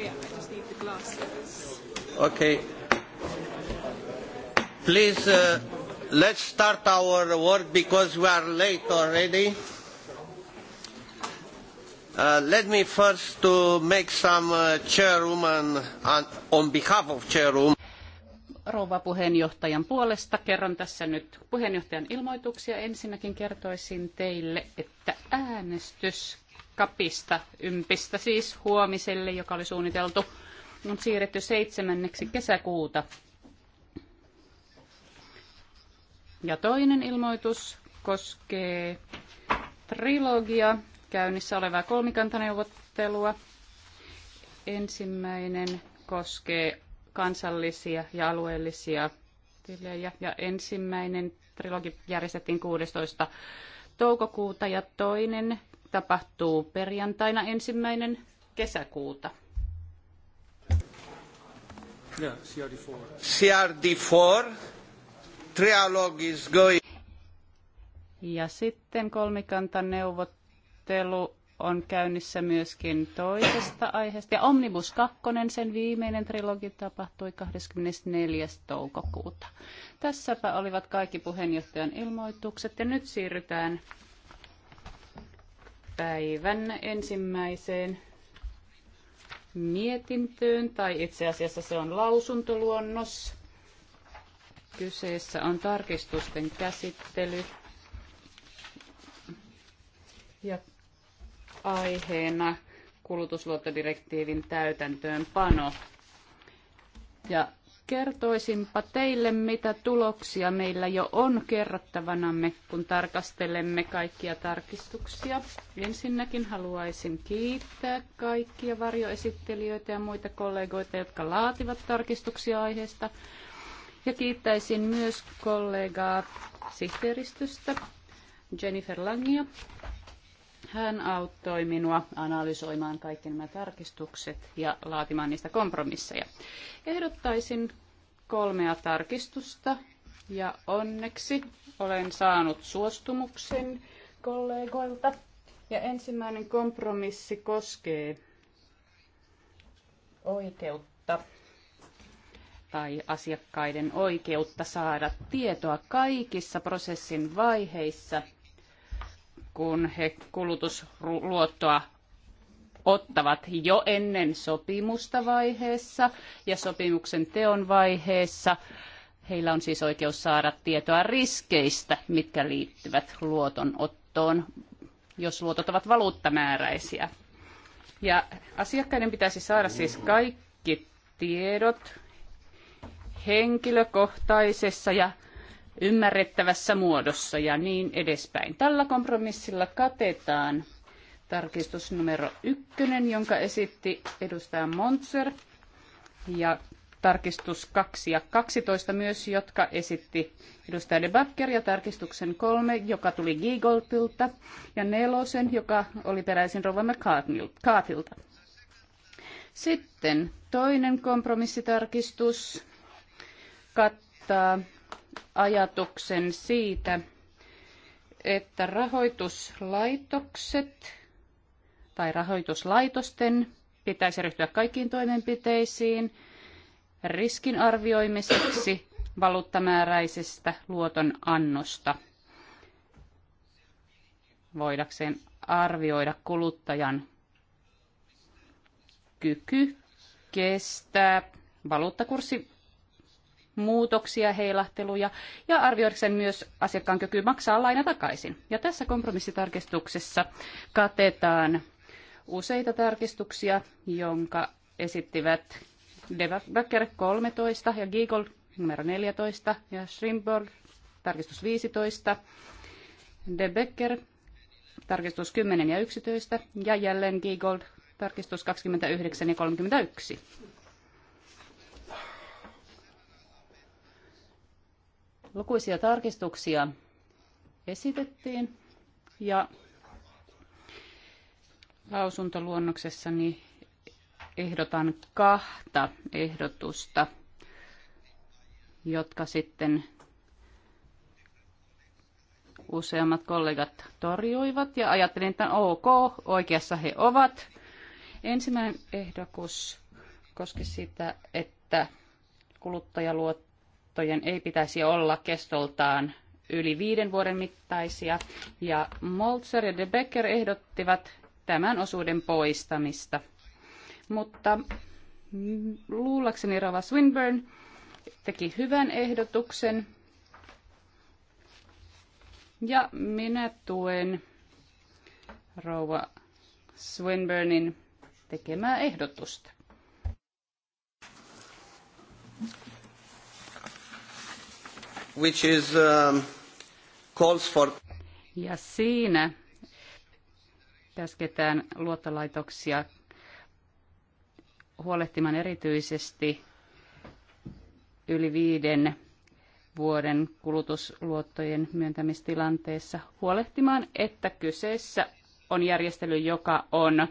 I, I just need the glasses. Okay. Please, uh, let's start our work because we are late already. Uh, let me first to make some uh, chairwoman on, on behalf of chairwoman. Rouva puheenjohtajan puolesta kerron tässä nyt puheenjohtajan ilmoituksia. Ensinnäkin kertoisin teille, että äänestys kapista, ympistä siis huomiselle, joka oli suunniteltu, on siirretty seitsemänneksi kesäkuuta. Ja toinen ilmoitus koskee trilogia, käynnissä olevaa kolmikantaneuvottelua. Ensimmäinen koskee kansallisia ja alueellisia tilejä ja ensimmäinen trilogi järjestettiin 16. toukokuuta ja toinen tapahtuu perjantaina ensimmäinen kesäkuuta. 4 CRD4. Trialogue is going. Ja sitten kolmikantaneuvottelu on käynnissä myöskin toisesta aiheesta. Ja Omnibus 2, sen viimeinen trilogi tapahtui 24. toukokuuta. Tässäpä olivat kaikki puheenjohtajan ilmoitukset ja nyt siirrytään päivän ensimmäiseen mietintöön, tai itse asiassa se on lausuntoluonnos. Kyseessä on tarkistusten käsittely ja aiheena kulutusluottodirektiivin täytäntöönpano. Ja kertoisinpa teille, mitä tuloksia meillä jo on kerrottavanamme, kun tarkastelemme kaikkia tarkistuksia. Ensinnäkin haluaisin kiittää kaikkia varjoesittelijöitä ja muita kollegoita, jotka laativat tarkistuksia aiheesta. Ja kiittäisin myös kollegaa sihteeristöstä Jennifer Langia hän auttoi minua analysoimaan kaikki nämä tarkistukset ja laatimaan niistä kompromisseja. Ehdottaisin kolmea tarkistusta ja onneksi olen saanut suostumuksen kollegoilta. Ja ensimmäinen kompromissi koskee oikeutta tai asiakkaiden oikeutta saada tietoa kaikissa prosessin vaiheissa – kun he kulutusluottoa ottavat jo ennen sopimusta vaiheessa ja sopimuksen teon vaiheessa. Heillä on siis oikeus saada tietoa riskeistä, mitkä liittyvät luotonottoon, jos luotot ovat valuuttamääräisiä. Ja asiakkaiden pitäisi saada siis kaikki tiedot henkilökohtaisessa ja ymmärrettävässä muodossa ja niin edespäin. Tällä kompromissilla katetaan tarkistus numero ykkönen, jonka esitti edustaja Montser, ja tarkistus 2 ja 12 myös, jotka esitti edustaja De Backer, ja tarkistuksen 3, joka tuli Giegoltilta, ja nelosen, joka oli peräisin Rova McCarthylta. Sitten toinen kompromissitarkistus kattaa ajatuksen siitä, että rahoituslaitokset tai rahoituslaitosten pitäisi ryhtyä kaikkiin toimenpiteisiin riskin arvioimiseksi valuuttamääräisestä luotonannosta voidakseen arvioida kuluttajan kyky kestää valuuttakurssi muutoksia, heilahteluja ja arvioidakseen myös asiakkaan kyky maksaa laina takaisin. Ja tässä kompromissitarkistuksessa katetaan useita tarkistuksia, jonka esittivät Devacker 13 ja Giegel numero 14 ja Schrimborg tarkistus 15, De Becker tarkistus 10 ja 11 ja jälleen Giegold tarkistus 29 ja 31. Lukuisia tarkistuksia esitettiin ja lausuntoluonnoksessani ehdotan kahta ehdotusta, jotka sitten useammat kollegat torjuivat ja ajattelin, että ok, oikeassa he ovat. Ensimmäinen ehdokus koski sitä, että kuluttajaluot kattojen ei pitäisi olla kestoltaan yli viiden vuoden mittaisia, ja Moltzer ja De Becker ehdottivat tämän osuuden poistamista. Mutta luullakseni Rova Swinburne teki hyvän ehdotuksen, ja minä tuen Rova Swinburnin tekemää ehdotusta. which is, um, calls for... Ja siinä käsketään luottolaitoksia huolehtimaan erityisesti yli viiden vuoden kulutusluottojen myöntämistilanteessa huolehtimaan, että kyseessä on järjestely, joka on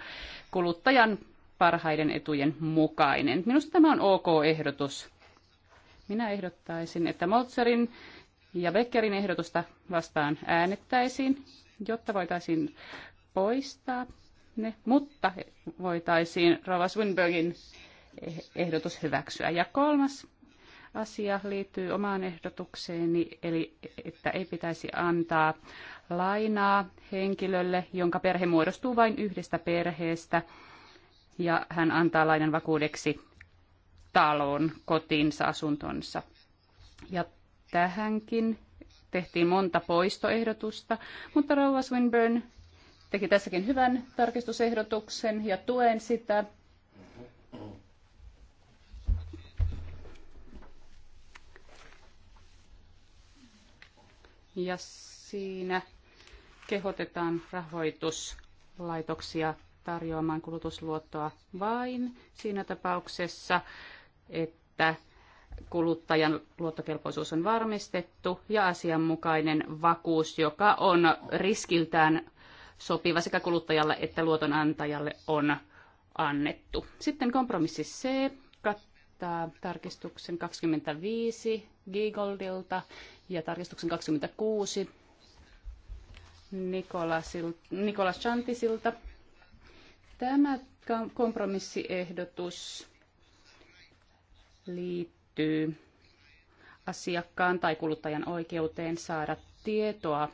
kuluttajan parhaiden etujen mukainen. Minusta tämä on ok ehdotus. Minä ehdottaisin, että Moltserin ja Beckerin ehdotusta vastaan äänettäisiin, jotta voitaisiin poistaa ne, mutta voitaisiin Rova Swinbergin eh- ehdotus hyväksyä. Ja kolmas asia liittyy omaan ehdotukseeni, eli että ei pitäisi antaa lainaa henkilölle, jonka perhe muodostuu vain yhdestä perheestä, ja hän antaa lainan vakuudeksi talon kotiinsa asuntonsa. Ja tähänkin tehtiin monta poistoehdotusta, mutta Rouva Swinburne teki tässäkin hyvän tarkistusehdotuksen ja tuen sitä. Ja siinä kehotetaan rahoituslaitoksia tarjoamaan kulutusluottoa vain siinä tapauksessa, että kuluttajan luottokelpoisuus on varmistettu ja asianmukainen vakuus, joka on riskiltään sopiva sekä kuluttajalle että luotonantajalle on annettu. Sitten kompromissi C kattaa tarkistuksen 25 Gigoldilta ja tarkistuksen 26 Nikolas Chantisilta. Tämä kompromissiehdotus liittyy asiakkaan tai kuluttajan oikeuteen saada tietoa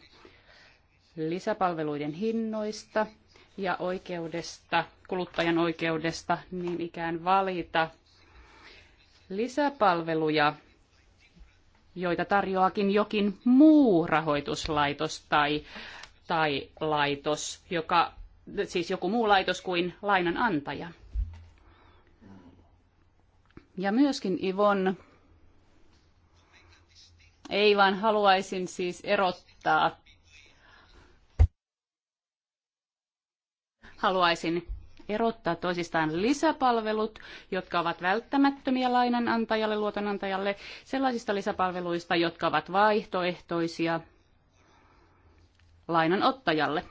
lisäpalveluiden hinnoista ja oikeudesta, kuluttajan oikeudesta niin ikään valita lisäpalveluja, joita tarjoakin jokin muu rahoituslaitos tai, tai laitos, joka, siis joku muu laitos kuin lainanantaja. Ja myöskin Ivon, ei vaan haluaisin siis erottaa. Haluaisin erottaa toisistaan lisäpalvelut, jotka ovat välttämättömiä lainanantajalle, luotonantajalle, sellaisista lisäpalveluista, jotka ovat vaihtoehtoisia lainanottajalle.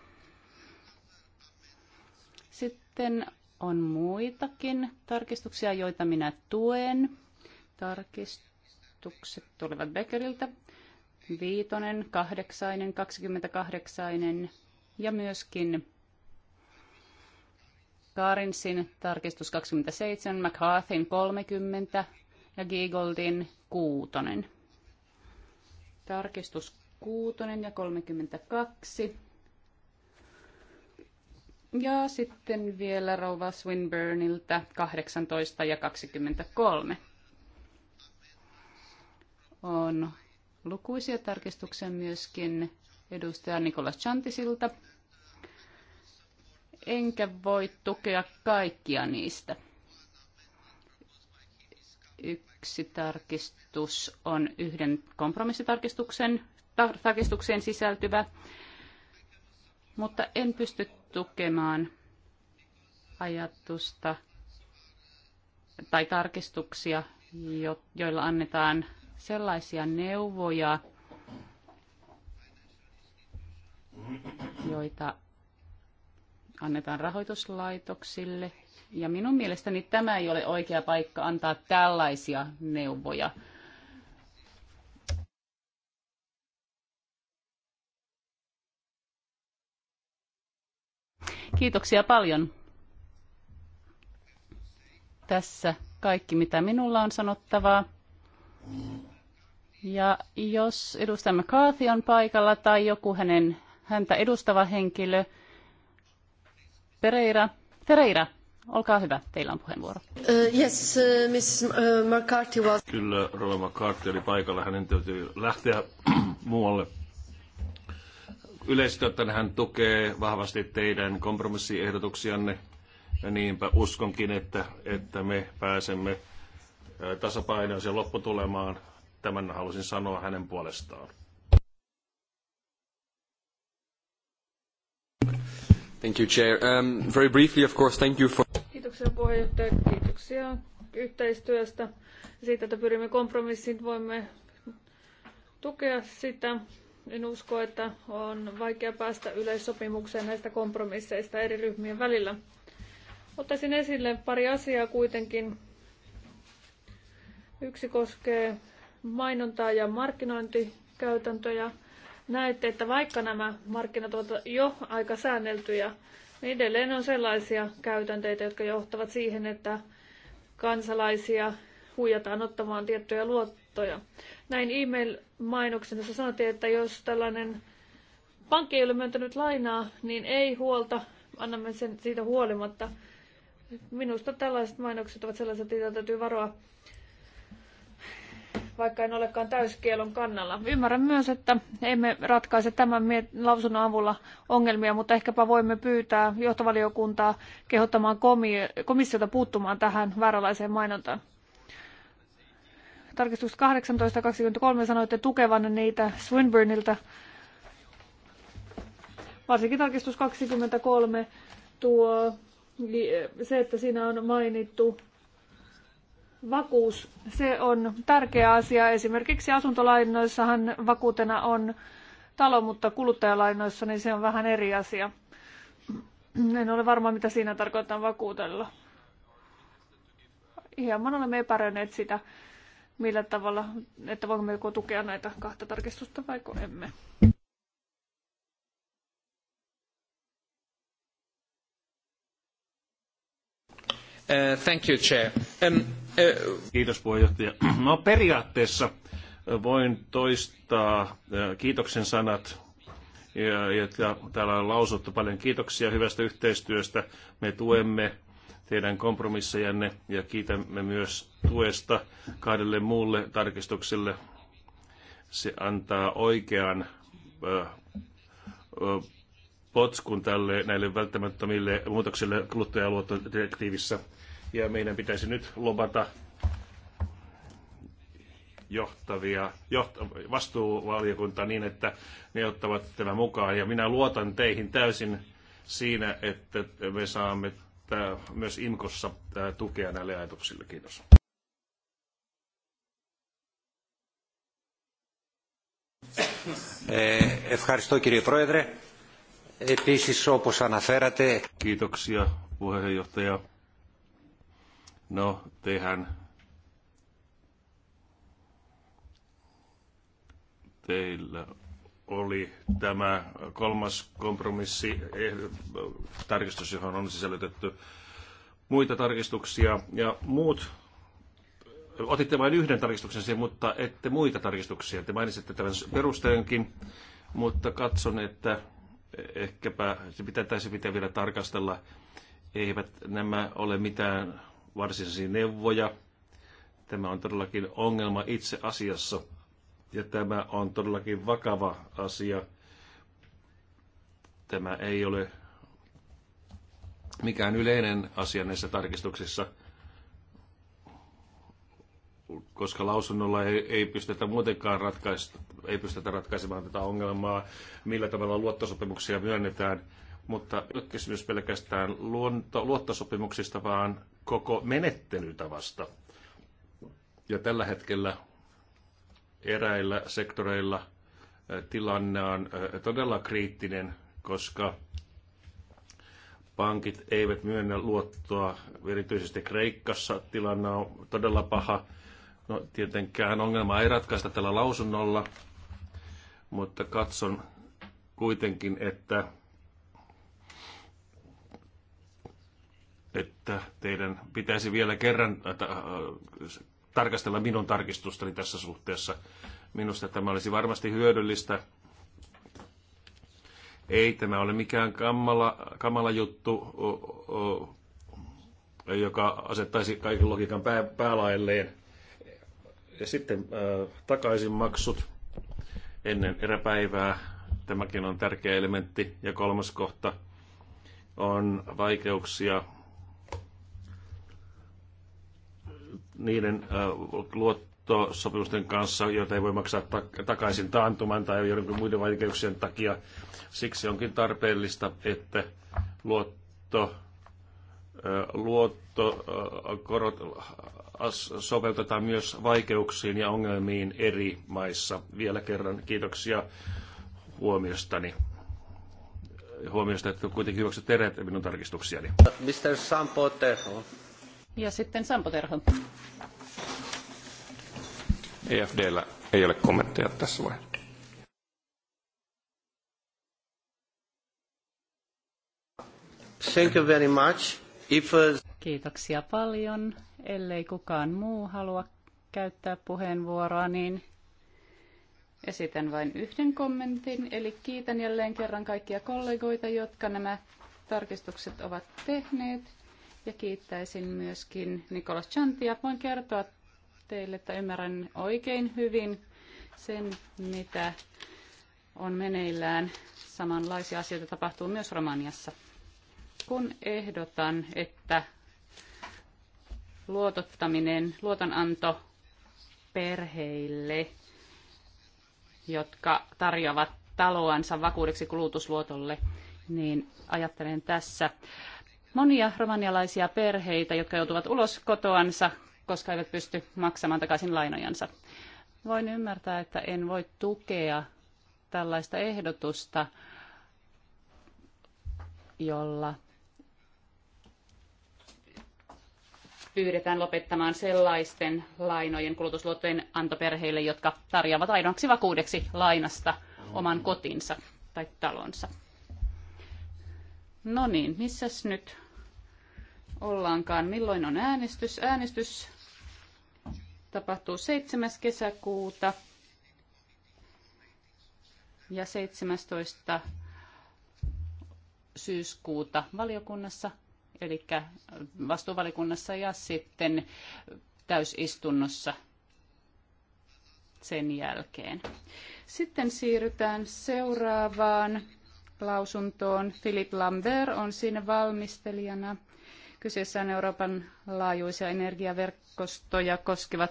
Sitten on muitakin tarkistuksia, joita minä tuen. Tarkistukset tulevat Beckeriltä. Viitonen, kahdeksainen, kaksikymmentäkahdeksainen ja myöskin Karinsin tarkistus 27, McCarthyn 30 ja Giegoldin kuutonen. Tarkistus kuutonen ja 32 ja sitten vielä rouva Swinburnilta 18 ja 23. On lukuisia tarkistuksia myöskin edustaja Nikolas Chantisilta. Enkä voi tukea kaikkia niistä. Yksi tarkistus on yhden kompromissitarkistuksen tarkistukseen sisältyvä, mutta en pysty tukemaan ajatusta tai tarkistuksia, joilla annetaan sellaisia neuvoja, joita annetaan rahoituslaitoksille. Ja minun mielestäni tämä ei ole oikea paikka antaa tällaisia neuvoja Kiitoksia paljon. Tässä kaikki, mitä minulla on sanottavaa. Ja jos edustamme McCarthy on paikalla tai joku hänen, häntä edustava henkilö, Pereira, Pereira, olkaa hyvä, teillä on puheenvuoro. Uh, yes, uh, Miss uh, McCarthy was... Kyllä, Rova McCarthy oli paikalla, hänen täytyy lähteä muualle Yleisesti ottaen hän tukee vahvasti teidän kompromissiehdotuksianne ja niinpä uskonkin, että, että me pääsemme tasapainoiseen lopputulemaan. Tämän halusin sanoa hänen puolestaan. Thank you, Chair. Um, very briefly, of course, thank you for... Kiitoksia puheenjohtaja, kiitoksia yhteistyöstä. Siitä, että pyrimme kompromissiin, voimme tukea sitä en usko, että on vaikea päästä yleissopimukseen näistä kompromisseista eri ryhmien välillä. Ottaisin esille pari asiaa kuitenkin. Yksi koskee mainontaa ja markkinointikäytäntöjä. Näette, että vaikka nämä markkinat ovat jo aika säänneltyjä, niin edelleen on sellaisia käytänteitä, jotka johtavat siihen, että kansalaisia huijataan ottamaan tiettyjä luottoja näin e-mail-mainoksen, jossa sanottiin, että jos tällainen pankki ei ole myöntänyt lainaa, niin ei huolta, annamme sen siitä huolimatta. Minusta tällaiset mainokset ovat sellaiset, että täytyy varoa, vaikka en olekaan täyskielon kannalla. Ymmärrän myös, että emme ratkaise tämän lausunnon avulla ongelmia, mutta ehkäpä voimme pyytää johtovaliokuntaa kehottamaan komissiota puuttumaan tähän vääränlaiseen mainontaan tarkistus 18.23 sanoitte tukevanne niitä Swinburnilta. Varsinkin tarkistus 23 tuo se, että siinä on mainittu vakuus. Se on tärkeä asia. Esimerkiksi asuntolainoissahan vakuutena on talo, mutta kuluttajalainoissa niin se on vähän eri asia. En ole varma, mitä siinä tarkoittaa vakuutella. Hieman olemme epäröineet sitä millä tavalla, että voimme joko tukea näitä kahta tarkistusta vai emme. Uh, thank you, Chair. Um, uh... Kiitos puheenjohtaja. No periaatteessa voin toistaa uh, kiitoksen sanat, ja, ja täällä on lausuttu paljon kiitoksia hyvästä yhteistyöstä. Me tuemme teidän kompromissejanne ja kiitämme myös tuesta kahdelle muulle tarkistukselle. Se antaa oikean ö, ö, potskun tälle, näille välttämättömille muutoksille kuluttajaluottodirektiivissä. Ja meidän pitäisi nyt lobata johtavia, joht, vastuuvaliokunta niin, että ne ottavat tämän mukaan. Ja minä luotan teihin täysin siinä, että me saamme myös IMKossa tukea näille ajatuksille. Kiitos. Kiitoksia eh, puheenjohtaja. No, tehän teillä oli tämä kolmas kompromissi, eh, tarkistus, johon on sisällytetty muita tarkistuksia ja muut. Otitte vain yhden tarkistuksen siihen, mutta ette muita tarkistuksia. Te mainitsitte tämän perusteenkin, mutta katson, että ehkäpä se pitäisi pitää vielä tarkastella. Eivät nämä ole mitään varsinaisia neuvoja. Tämä on todellakin ongelma itse asiassa ja tämä on todellakin vakava asia. Tämä ei ole mikään yleinen asia näissä tarkistuksissa, koska lausunnolla ei, ei pystytä muutenkaan ratkaista, ei pystytä ratkaisemaan tätä ongelmaa, millä tavalla luottosopimuksia myönnetään. Mutta ei ole kysymys pelkästään luonto, luottosopimuksista, vaan koko menettelytavasta. Ja tällä hetkellä eräillä sektoreilla tilanne on todella kriittinen, koska pankit eivät myönnä luottoa, erityisesti Kreikassa tilanne on todella paha. No, tietenkään ongelma ei ratkaista tällä lausunnolla, mutta katson kuitenkin, että, että teidän pitäisi vielä kerran tarkastella minun tarkistustani tässä suhteessa. Minusta tämä olisi varmasti hyödyllistä. Ei tämä ole mikään kammala, kamala juttu, o, o, joka asettaisi kaiken logiikan pää, päälailleen. Ja sitten äh, maksut ennen eräpäivää. Tämäkin on tärkeä elementti. Ja kolmas kohta on vaikeuksia niiden luottosopimusten kanssa, joita ei voi maksaa takaisin taantuman tai joidenkin muiden vaikeuksien takia. Siksi onkin tarpeellista, että luotto, luottokorot sopeutetaan myös vaikeuksiin ja ongelmiin eri maissa. Vielä kerran kiitoksia huomiostani huomiosta, että kuitenkin hyväksyt minun tarkistuksiani. Mr. Sam Potter. Ja sitten Sampo Terho. EFDllä ei ole kommentteja tässä vaiheessa. Thank you very much. If... Uh, Kiitoksia paljon. Ellei kukaan muu halua käyttää puheenvuoroa, niin esitän vain yhden kommentin. Eli kiitän jälleen kerran kaikkia kollegoita, jotka nämä tarkistukset ovat tehneet. Ja kiittäisin myöskin Nikolas Chantia. Voin kertoa teille, että ymmärrän oikein hyvin sen, mitä on meneillään. Samanlaisia asioita tapahtuu myös Romaniassa. Kun ehdotan, että luotottaminen, luotonanto perheille, jotka tarjoavat taloansa vakuudeksi kulutusluotolle, niin ajattelen tässä monia romanialaisia perheitä, jotka joutuvat ulos kotoansa, koska eivät pysty maksamaan takaisin lainojansa. Voin ymmärtää, että en voi tukea tällaista ehdotusta, jolla pyydetään lopettamaan sellaisten lainojen kulutusluottojen antoperheille, jotka tarjoavat ainoaksi vakuudeksi lainasta oman kotinsa tai talonsa. No niin, missäs nyt ollaankaan. Milloin on äänestys? Äänestys tapahtuu 7. kesäkuuta ja 17. syyskuuta valiokunnassa, eli vastuuvalikunnassa ja sitten täysistunnossa sen jälkeen. Sitten siirrytään seuraavaan lausuntoon. Philip Lambert on siinä valmistelijana. Kyseessä on Euroopan laajuisia energiaverkostoja koskevat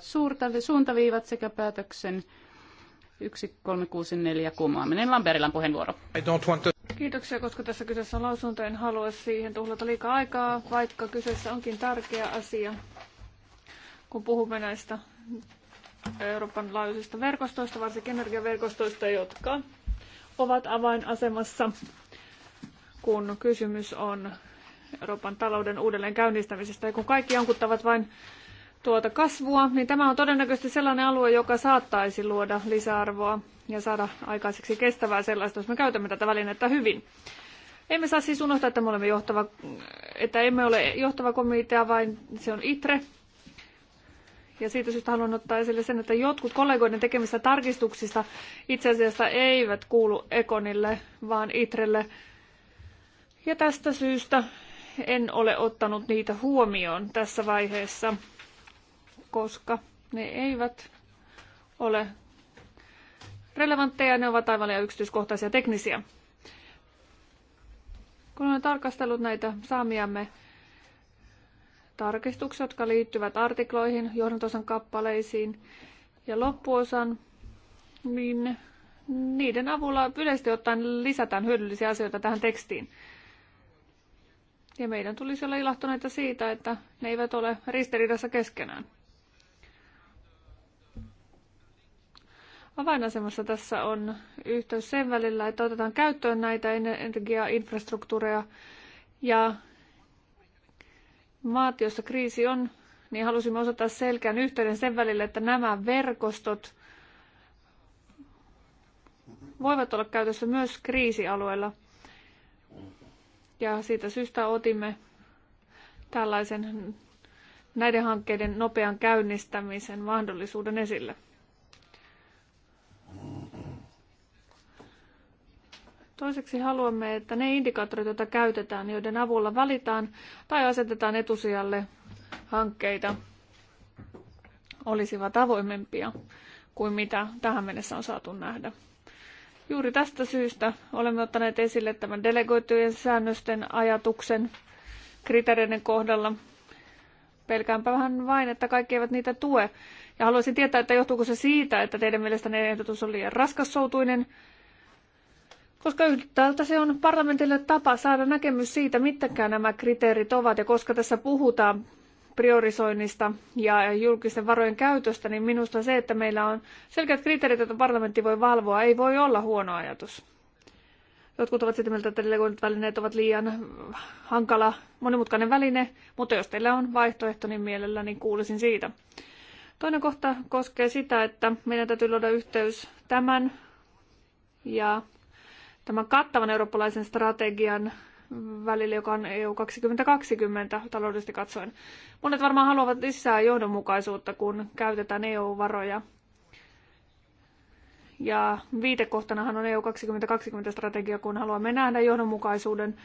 suuntaviivat sekä päätöksen 1364 kumoaminen. Lamberilan puheenvuoro. Kiitoksia, koska tässä kyseessä on lausunto. En halua siihen tuhlata liikaa aikaa, vaikka kyseessä onkin tärkeä asia, kun puhumme näistä Euroopan laajuisista verkostoista, varsinkin energiaverkostoista, jotka ovat avainasemassa, kun kysymys on Euroopan talouden uudelleen käynnistämisestä. Ja kun kaikki jankuttavat vain tuota kasvua, niin tämä on todennäköisesti sellainen alue, joka saattaisi luoda lisäarvoa ja saada aikaiseksi kestävää sellaista, jos me käytämme tätä välinettä hyvin. Emme saa siis unohtaa, että me olemme johtava, että emme ole johtava komitea, vain se on ITRE. Ja siitä syystä haluan ottaa esille sen, että jotkut kollegoiden tekemistä tarkistuksista itse asiassa eivät kuulu Ekonille, vaan ITRElle. Ja tästä syystä en ole ottanut niitä huomioon tässä vaiheessa, koska ne eivät ole relevantteja, ne ovat aivan liian yksityiskohtaisia teknisiä. Kun olen tarkastellut näitä saamiamme tarkistuksia, jotka liittyvät artikloihin, johdantosan kappaleisiin ja loppuosan, niin niiden avulla yleisesti ottaen lisätään hyödyllisiä asioita tähän tekstiin. Ja meidän tulisi olla ilahtuneita siitä, että ne eivät ole ristiriidassa keskenään. Avainasemassa tässä on yhteys sen välillä, että otetaan käyttöön näitä energiainfrastruktuureja ja maat, joissa kriisi on, niin halusimme osoittaa selkeän yhteyden sen välillä, että nämä verkostot voivat olla käytössä myös kriisialueilla – ja siitä syystä otimme tällaisen näiden hankkeiden nopean käynnistämisen mahdollisuuden esille. Toiseksi haluamme, että ne indikaattorit, joita käytetään, joiden avulla valitaan tai asetetaan etusijalle hankkeita, olisivat avoimempia kuin mitä tähän mennessä on saatu nähdä. Juuri tästä syystä olemme ottaneet esille tämän delegoitujen säännösten ajatuksen kriteereiden kohdalla. Pelkäänpä vähän vain, että kaikki eivät niitä tue. Ja haluaisin tietää, että johtuuko se siitä, että teidän mielestänne ehdotus on liian raskassoutuinen, koska yhtäältä se on parlamentille tapa saada näkemys siitä, mitkä nämä kriteerit ovat ja koska tässä puhutaan priorisoinnista ja julkisten varojen käytöstä, niin minusta se, että meillä on selkeät kriteerit, joita parlamentti voi valvoa, ei voi olla huono ajatus. Jotkut ovat sitä mieltä, että delegoinnit välineet ovat liian hankala, monimutkainen väline, mutta jos teillä on vaihtoehto, niin mielelläni kuulisin siitä. Toinen kohta koskee sitä, että meidän täytyy luoda yhteys tämän ja tämän kattavan eurooppalaisen strategian välillä, joka on EU 2020 taloudellisesti katsoen. Monet varmaan haluavat lisää johdonmukaisuutta, kun käytetään EU-varoja. Ja viitekohtanahan on EU 2020-strategia, kun haluamme nähdä johdonmukaisuuden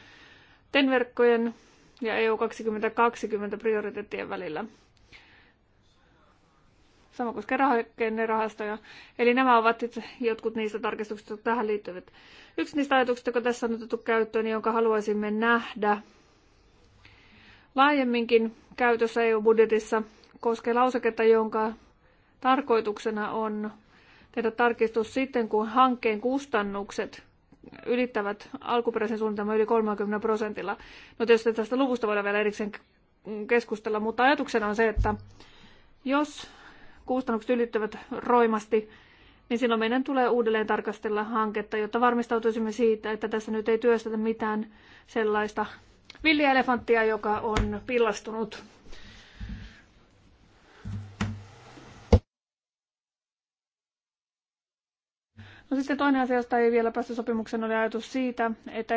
TEN-verkkojen ja EU 2020 prioriteettien välillä. Sama koskee rahastoja. Eli nämä ovat jotkut niistä tarkistuksista, jotka tähän liittyvät. Yksi niistä ajatuksista, jotka tässä on otettu käyttöön, niin jonka haluaisimme nähdä laajemminkin käytössä EU-budjetissa, koskee lauseketta, jonka tarkoituksena on tehdä tarkistus sitten, kun hankkeen kustannukset ylittävät alkuperäisen suunnitelman yli 30 prosentilla. No tietysti tästä luvusta voidaan vielä erikseen keskustella, mutta ajatuksena on se, että jos kustannukset ylittävät roimasti, niin silloin meidän tulee uudelleen tarkastella hanketta, jotta varmistautuisimme siitä, että tässä nyt ei työstetä mitään sellaista villielefanttia, joka on pillastunut. No sitten toinen asia, josta ei vielä päästy sopimukseen, oli ajatus siitä, että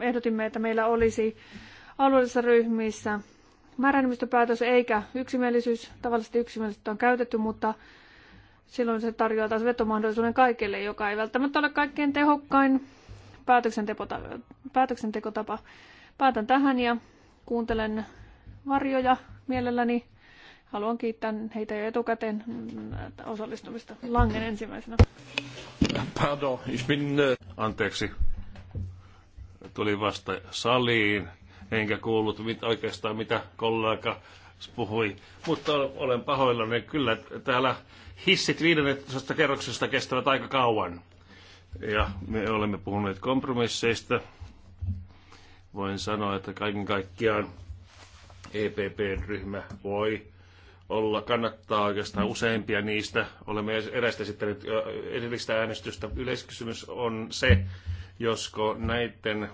ehdotimme, että meillä olisi alueellisissa ryhmissä määräenemmistöpäätös eikä yksimielisyys. Tavallisesti yksimielisyyttä on käytetty, mutta silloin se tarjoaa taas vetomahdollisuuden kaikille, joka ei välttämättä ole kaikkein tehokkain päätöksentekotapa. Päätän tähän ja kuuntelen varjoja mielelläni. Haluan kiittää heitä jo etukäteen osallistumista. Langen ensimmäisenä. Pardon, ich bin... Äh, Anteeksi. Tuli vasta saliin enkä kuullut mit, oikeastaan mitä kollega puhui. Mutta olen pahoillani, kyllä täällä hissit 15 kerroksesta kestävät aika kauan. Ja me olemme puhuneet kompromisseista. Voin sanoa, että kaiken kaikkiaan EPP-ryhmä voi olla, kannattaa oikeastaan useimpia niistä. Olemme erästä esittäneet edellistä äänestystä. Yleiskysymys on se, josko näiden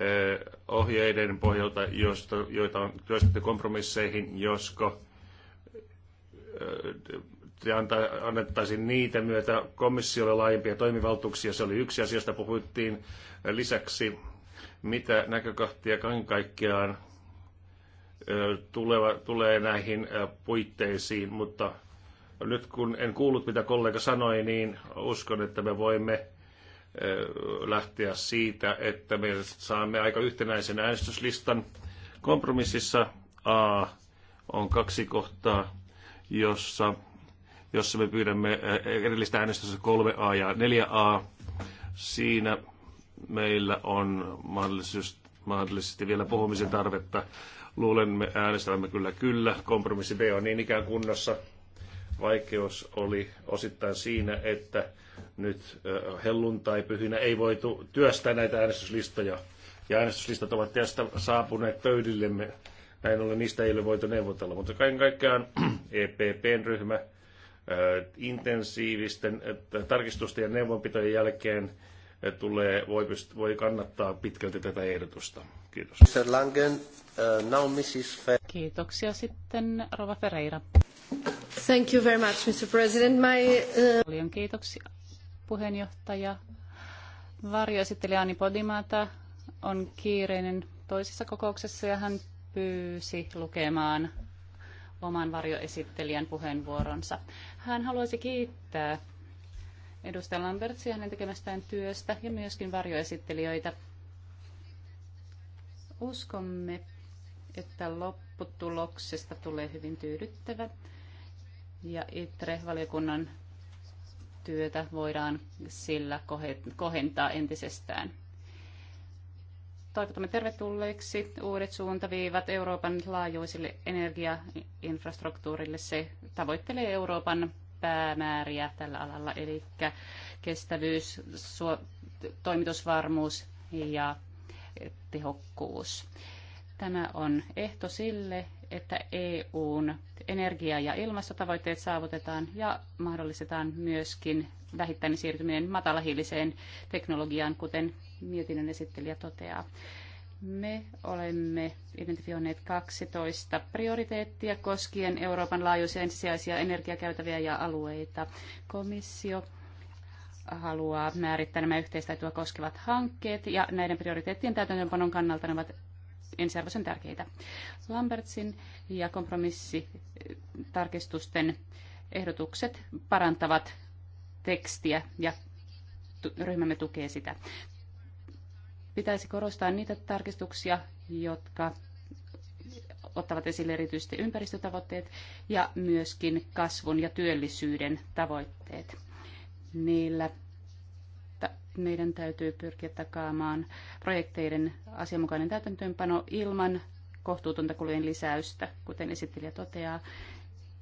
Eh, ohjeiden pohjalta, josta, joita on työstetty kompromisseihin, josko eh, annettaisiin niitä myötä komissiolle laajempia toimivaltuuksia. Se oli yksi asia, josta puhuttiin. Lisäksi, mitä näkökohtia kaiken kaikkiaan eh, tuleva, tulee näihin puitteisiin, mutta nyt kun en kuullut, mitä kollega sanoi, niin uskon, että me voimme Eh, lähteä siitä, että me saamme aika yhtenäisen äänestyslistan. Kompromississa A on kaksi kohtaa, jossa, jossa me pyydämme eh, erillistä äänestystä 3A ja 4A. Siinä meillä on mahdollisuus, mahdollisesti vielä puhumisen tarvetta. Luulen, me äänestämme kyllä kyllä. Kompromissi B on niin ikään kunnossa. Vaikeus oli osittain siinä, että nyt helluntai pyhinä ei voitu työstää näitä äänestyslistoja. Ja äänestyslistat ovat tästä saapuneet pöydillemme. Näin ollen niistä ei ole voitu neuvotella. Mutta kaiken kaikkiaan EPPn e ryhmä intensiivisten tarkistusten ja neuvonpitojen jälkeen tulee, voi, pyst- voi kannattaa pitkälti tätä ehdotusta. Kiitos. Mr. Langen, uh, now Mrs. Fe- Kiitoksia sitten Rova Ferreira. Thank you very much, Mr. President. My, uh... Paljon kiitoksia puheenjohtaja. Varjoesittelijä Ani Podimata on kiireinen toisessa kokouksessa ja hän pyysi lukemaan oman varjoesittelijän puheenvuoronsa. Hän haluaisi kiittää edustaja Lambertsia hänen tekemästään työstä ja myöskin varjoesittelijöitä. Uskomme, että lopputuloksesta tulee hyvin tyydyttävä ja ITRE-valiokunnan työtä voidaan sillä kohentaa entisestään. Toivotamme tervetulleeksi uudet suuntaviivat Euroopan laajuisille energiainfrastruktuurille. Se tavoittelee Euroopan päämääriä tällä alalla, eli kestävyys, toimitusvarmuus ja tehokkuus. Tämä on ehto sille, että EUn energia- ja ilmastotavoitteet saavutetaan ja mahdollistetaan myöskin vähittäinen siirtyminen matalahiiliseen teknologiaan, kuten mietinnön esittelijä toteaa. Me olemme identifioineet 12 prioriteettia koskien Euroopan laajuisia ensisijaisia energiakäytäviä ja alueita. Komissio haluaa määrittää nämä yhteistäytyä koskevat hankkeet ja näiden prioriteettien täytäntöönpanon kannalta ne ovat ensiarvoisen tärkeitä. Lambertsin ja kompromissitarkistusten ehdotukset parantavat tekstiä ja ryhmämme tukee sitä. Pitäisi korostaa niitä tarkistuksia, jotka ottavat esille erityisesti ympäristötavoitteet ja myöskin kasvun ja työllisyyden tavoitteet. Niillä meidän täytyy pyrkiä takaamaan projekteiden asianmukainen täytäntöönpano ilman kohtuutonta kulujen lisäystä, kuten esittelijä toteaa.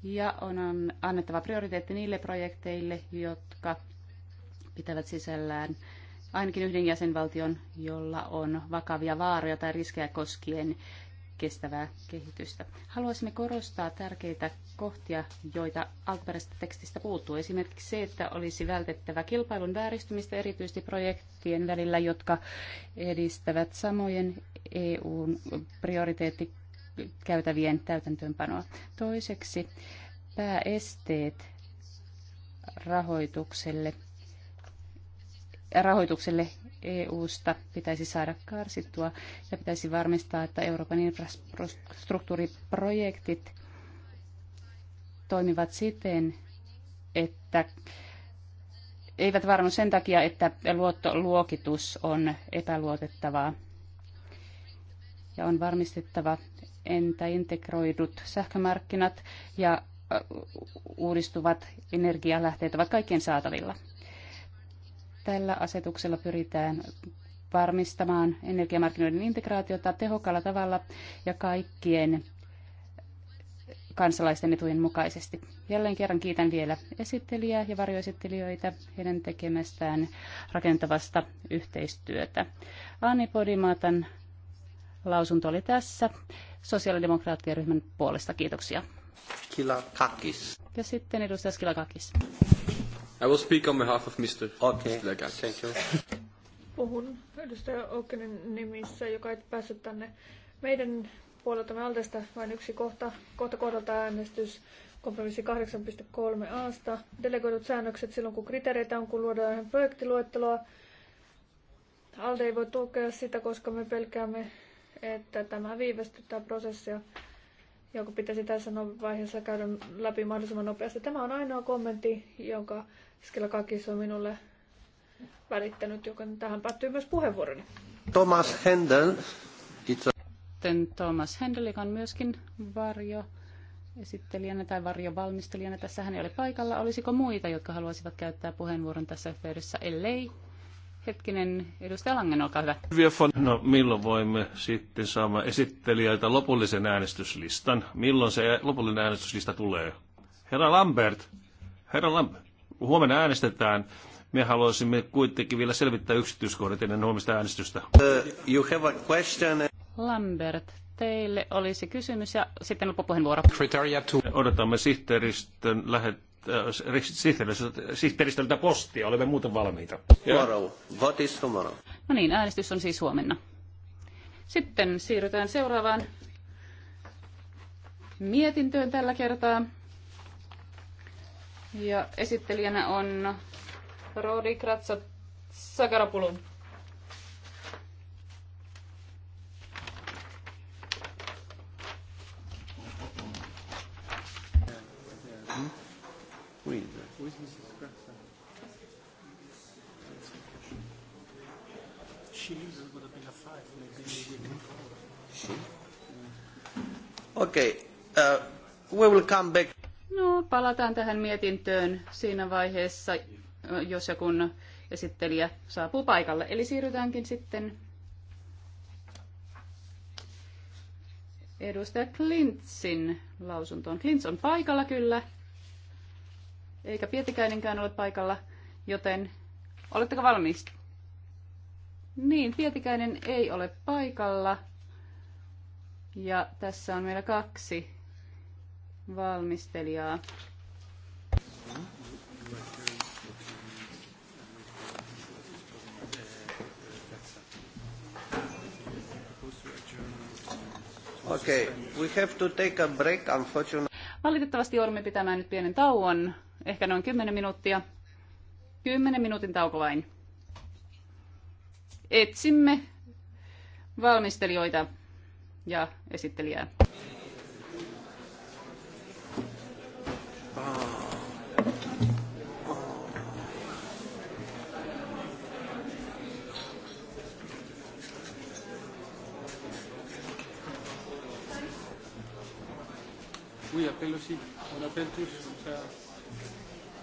Ja on annettava prioriteetti niille projekteille, jotka pitävät sisällään ainakin yhden jäsenvaltion, jolla on vakavia vaaroja tai riskejä koskien kestävää kehitystä. Haluaisimme korostaa tärkeitä kohtia, joita alkuperäisestä tekstistä puuttuu. Esimerkiksi se, että olisi vältettävä kilpailun vääristymistä erityisesti projektien välillä, jotka edistävät samojen EUn prioriteettikäytävien täytäntöönpanoa. Toiseksi pääesteet rahoitukselle rahoitukselle EUsta pitäisi saada karsittua ja pitäisi varmistaa, että Euroopan infrastruktuuriprojektit toimivat siten, että eivät varmu sen takia, että luottoluokitus on epäluotettavaa. Ja on varmistettava, entä integroidut sähkömarkkinat ja uudistuvat energialähteet ovat kaikkien saatavilla. Tällä asetuksella pyritään varmistamaan energiamarkkinoiden integraatiota tehokkaalla tavalla ja kaikkien kansalaisten etujen mukaisesti. Jälleen kerran kiitän vielä esittelijää ja varjoesittelijöitä heidän tekemästään rakentavasta yhteistyötä. Anni Podimatan lausunto oli tässä. Sosiaalidemokraattien ryhmän puolesta kiitoksia. Kilakakis. Ja sitten edustaja Skilakakis. I will speak on behalf of Mr. Okay. Mr. Lagarde. Thank you. Puhun edustaja Oukkinen nimissä, joka ei päässyt tänne meidän puolelta me Altesta vain yksi kohta, kohta kohdalta äänestys kompromissi 8.3 aasta. Delegoidut säännökset silloin, kun kriteereitä on, kun luodaan projektiluetteloa. Alde ei voi tukea sitä, koska me pelkäämme, että tämä viivästyttää prosessia jonka pitäisi tässä no- vaiheessa käydä läpi mahdollisimman nopeasti. Tämä on ainoa kommentti, jonka skilla Kakis on minulle välittänyt, joka tähän päättyy myös puheenvuoroni. Thomas Händel. Itse. Sitten Thomas Händel, joka on myöskin varjo esittelijänä tai varjovalmistelijana. Tässä hän ei ole paikalla. Olisiko muita, jotka haluaisivat käyttää puheenvuoron tässä yhteydessä? Ellei, Hetkinen, edustaja Langen, olkaa hyvä. No, milloin voimme sitten saada esittelijöitä lopullisen äänestyslistan? Milloin se lopullinen äänestyslista tulee? Herra Lambert, herra Lambert, huomenna äänestetään. Me haluaisimme kuitenkin vielä selvittää yksityiskohdat ennen huomista äänestystä. Uh, you have a question. Lambert, teille olisi kysymys ja sitten loppupuheenvuoro. Odotamme sihteeristön lähet sihteeristöltä postia. Olemme muuten valmiita. Tomorrow. What is tomorrow? No niin, äänestys on siis huomenna. Sitten siirrytään seuraavaan mietintöön tällä kertaa. Ja esittelijänä on Rodi Kratsa Sakarapulu. read. Who is Mrs. Kratza? She five. Maybe we can Okay. Uh, we will come back. No, palataan tähän mietintöön siinä vaiheessa, jos ja kun esittelijä saapuu paikalle. Eli siirrytäänkin sitten edustaja Klintsin lausuntoon. Klints on paikalla kyllä eikä Pietikäinenkään ole paikalla, joten oletteko valmis? Niin, Pietikäinen ei ole paikalla. Ja tässä on meillä kaksi valmistelijaa. Okay, we have to take a break, unfortunately. Valitettavasti joudumme pitämään nyt pienen tauon ehkä noin 10 minuuttia. 10 minuutin tauko vain. Etsimme valmistelijoita ja esittelijää. Oui, appelle aussi. On appelle tous. Ça...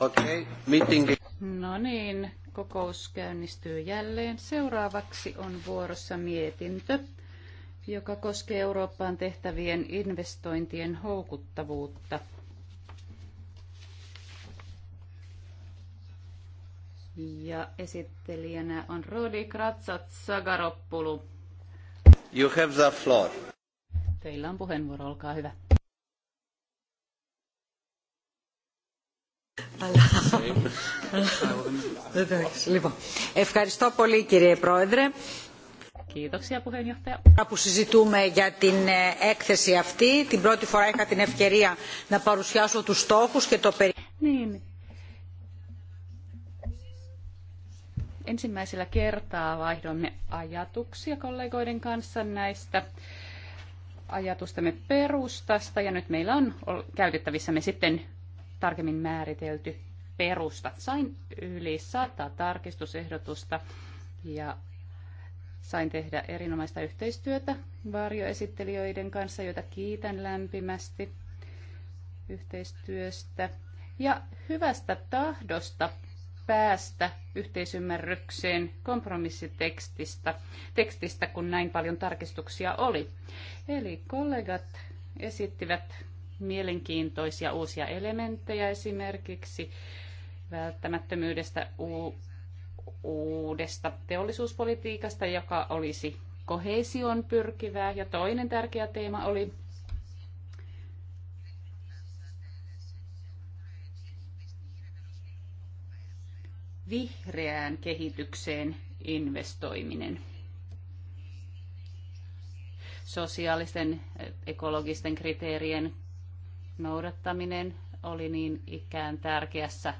Okay, meeting. No niin, kokous käynnistyy jälleen. Seuraavaksi on vuorossa mietintö, joka koskee Eurooppaan tehtävien investointien houkuttavuutta. Ja esittelijänä on Rodi Kratsat Sagaroppulu. You have the floor. Teillä on puheenvuoro, olkaa hyvä. Ευχαριστώ πολύ κύριε Πρόεδρε. Kiitoksia puheenjohtaja. που συζητούμε για την έκθεση αυτή. Την πρώτη φορά είχα την ευκαιρία να παρουσιάσω τους στόχους και το περιεχόμενο. Ensimmäisellä kertaa vaihdomme ajatuksia kollegoiden kanssa näistä ajatustamme perustasta ja nyt meillä on käytettävissämme sitten tarkemmin määritelty perusta. Sain yli sata tarkistusehdotusta ja sain tehdä erinomaista yhteistyötä varjoesittelijöiden kanssa, joita kiitän lämpimästi yhteistyöstä ja hyvästä tahdosta päästä yhteisymmärrykseen kompromissitekstistä, tekstistä, kun näin paljon tarkistuksia oli. Eli kollegat esittivät mielenkiintoisia uusia elementtejä esimerkiksi välttämättömyydestä uudesta teollisuuspolitiikasta, joka olisi kohesion pyrkivää. Ja toinen tärkeä teema oli vihreään kehitykseen investoiminen. Sosiaalisten ekologisten kriteerien noudattaminen oli niin ikään tärkeässä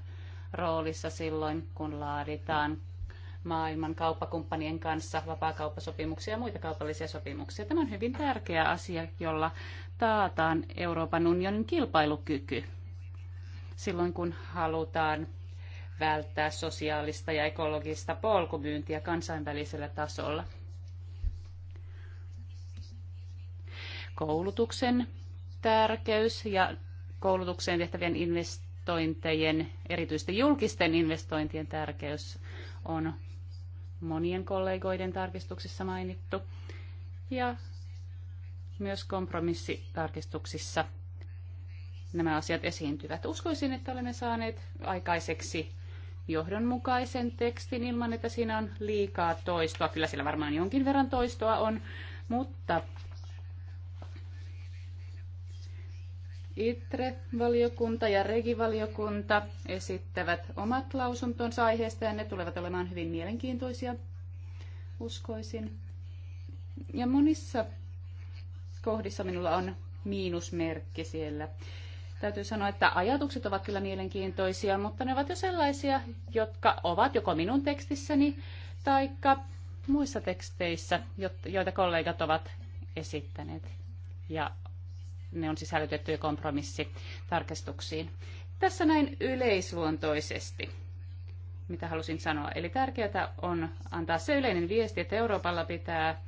roolissa silloin, kun laaditaan maailman kauppakumppanien kanssa vapaakauppasopimuksia ja muita kaupallisia sopimuksia. Tämä on hyvin tärkeä asia, jolla taataan Euroopan unionin kilpailukyky silloin, kun halutaan välttää sosiaalista ja ekologista polkumyyntiä kansainvälisellä tasolla. Koulutuksen tärkeys ja koulutukseen tehtävien investointejen, erityisesti julkisten investointien tärkeys on monien kollegoiden tarkistuksissa mainittu. Ja myös kompromissitarkistuksissa nämä asiat esiintyvät. Uskoisin, että olemme saaneet aikaiseksi johdonmukaisen tekstin ilman, että siinä on liikaa toistoa. Kyllä siellä varmaan jonkin verran toistoa on, mutta ITRE-valiokunta ja REGI-valiokunta esittävät omat lausuntonsa aiheesta ja ne tulevat olemaan hyvin mielenkiintoisia, uskoisin. Ja monissa kohdissa minulla on miinusmerkki siellä. Täytyy sanoa, että ajatukset ovat kyllä mielenkiintoisia, mutta ne ovat jo sellaisia, jotka ovat joko minun tekstissäni tai muissa teksteissä, joita kollegat ovat esittäneet. Ja ne on sisällytetty jo kompromissitarkistuksiin. Tässä näin yleisluontoisesti, mitä halusin sanoa. Eli tärkeää on antaa se yleinen viesti, että Euroopalla pitää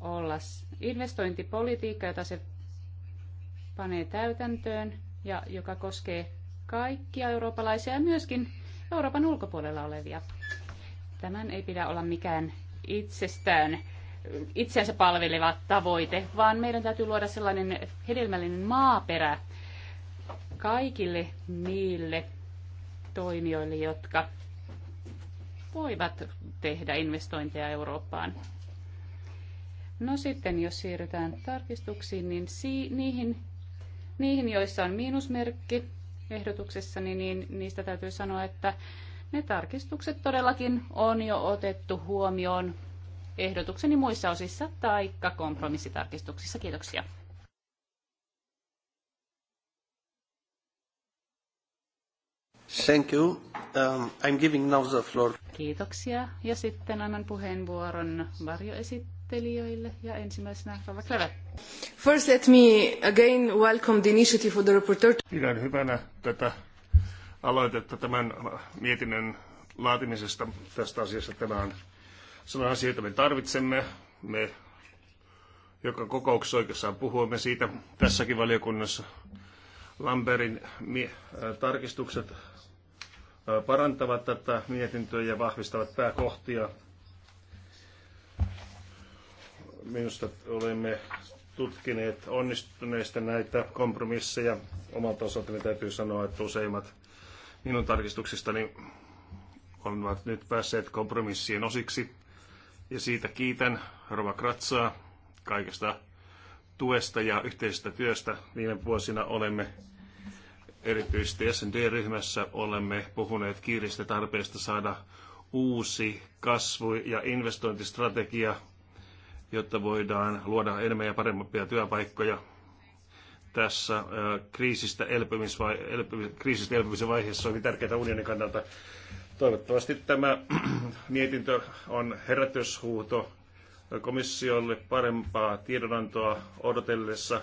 olla investointipolitiikka, jota se panee täytäntöön ja joka koskee kaikkia eurooppalaisia ja myöskin Euroopan ulkopuolella olevia. Tämän ei pidä olla mikään itsestään itseänsä palveleva tavoite, vaan meidän täytyy luoda sellainen hedelmällinen maaperä kaikille niille toimijoille, jotka voivat tehdä investointeja Eurooppaan. No sitten, jos siirrytään tarkistuksiin, niin si- niihin, niihin, joissa on miinusmerkki ehdotuksessa, niin, niin niistä täytyy sanoa, että ne tarkistukset todellakin on jo otettu huomioon ehdotukseni muissa osissa tai kompromissitarkistuksissa. Kiitoksia. Thank you. Um, I'm giving now the floor. Kiitoksia. Ja sitten annan puheenvuoron varjoesittelijöille ja ensimmäisenä Rova Kleve. First let me again welcome the initiative for the reporter. Pidän hyvänä tätä aloitetta tämän mietinnön laatimisesta tästä asiasta. Tämä on se on asia, jota me tarvitsemme. Me joka kokouksessa oikeastaan puhuimme siitä tässäkin valiokunnassa. Lamberin tarkistukset parantavat tätä mietintöä ja vahvistavat pääkohtia. Minusta olemme tutkineet onnistuneista näitä kompromisseja. Omalta osaltani täytyy sanoa, että useimmat minun tarkistuksistani ovat nyt päässeet kompromissien osiksi ja siitä kiitän Rova Kratsaa kaikesta tuesta ja yhteisestä työstä. Viime vuosina olemme erityisesti S&D-ryhmässä olemme puhuneet kiireistä tarpeesta saada uusi kasvu- ja investointistrategia, jotta voidaan luoda enemmän ja parempia työpaikkoja tässä äh, kriisistä, elpymisvai- kriisistä elpymisen vaiheessa oli tärkeää unionin kannalta Toivottavasti tämä mietintö on herätyshuuto komissiolle parempaa tiedonantoa odotellessa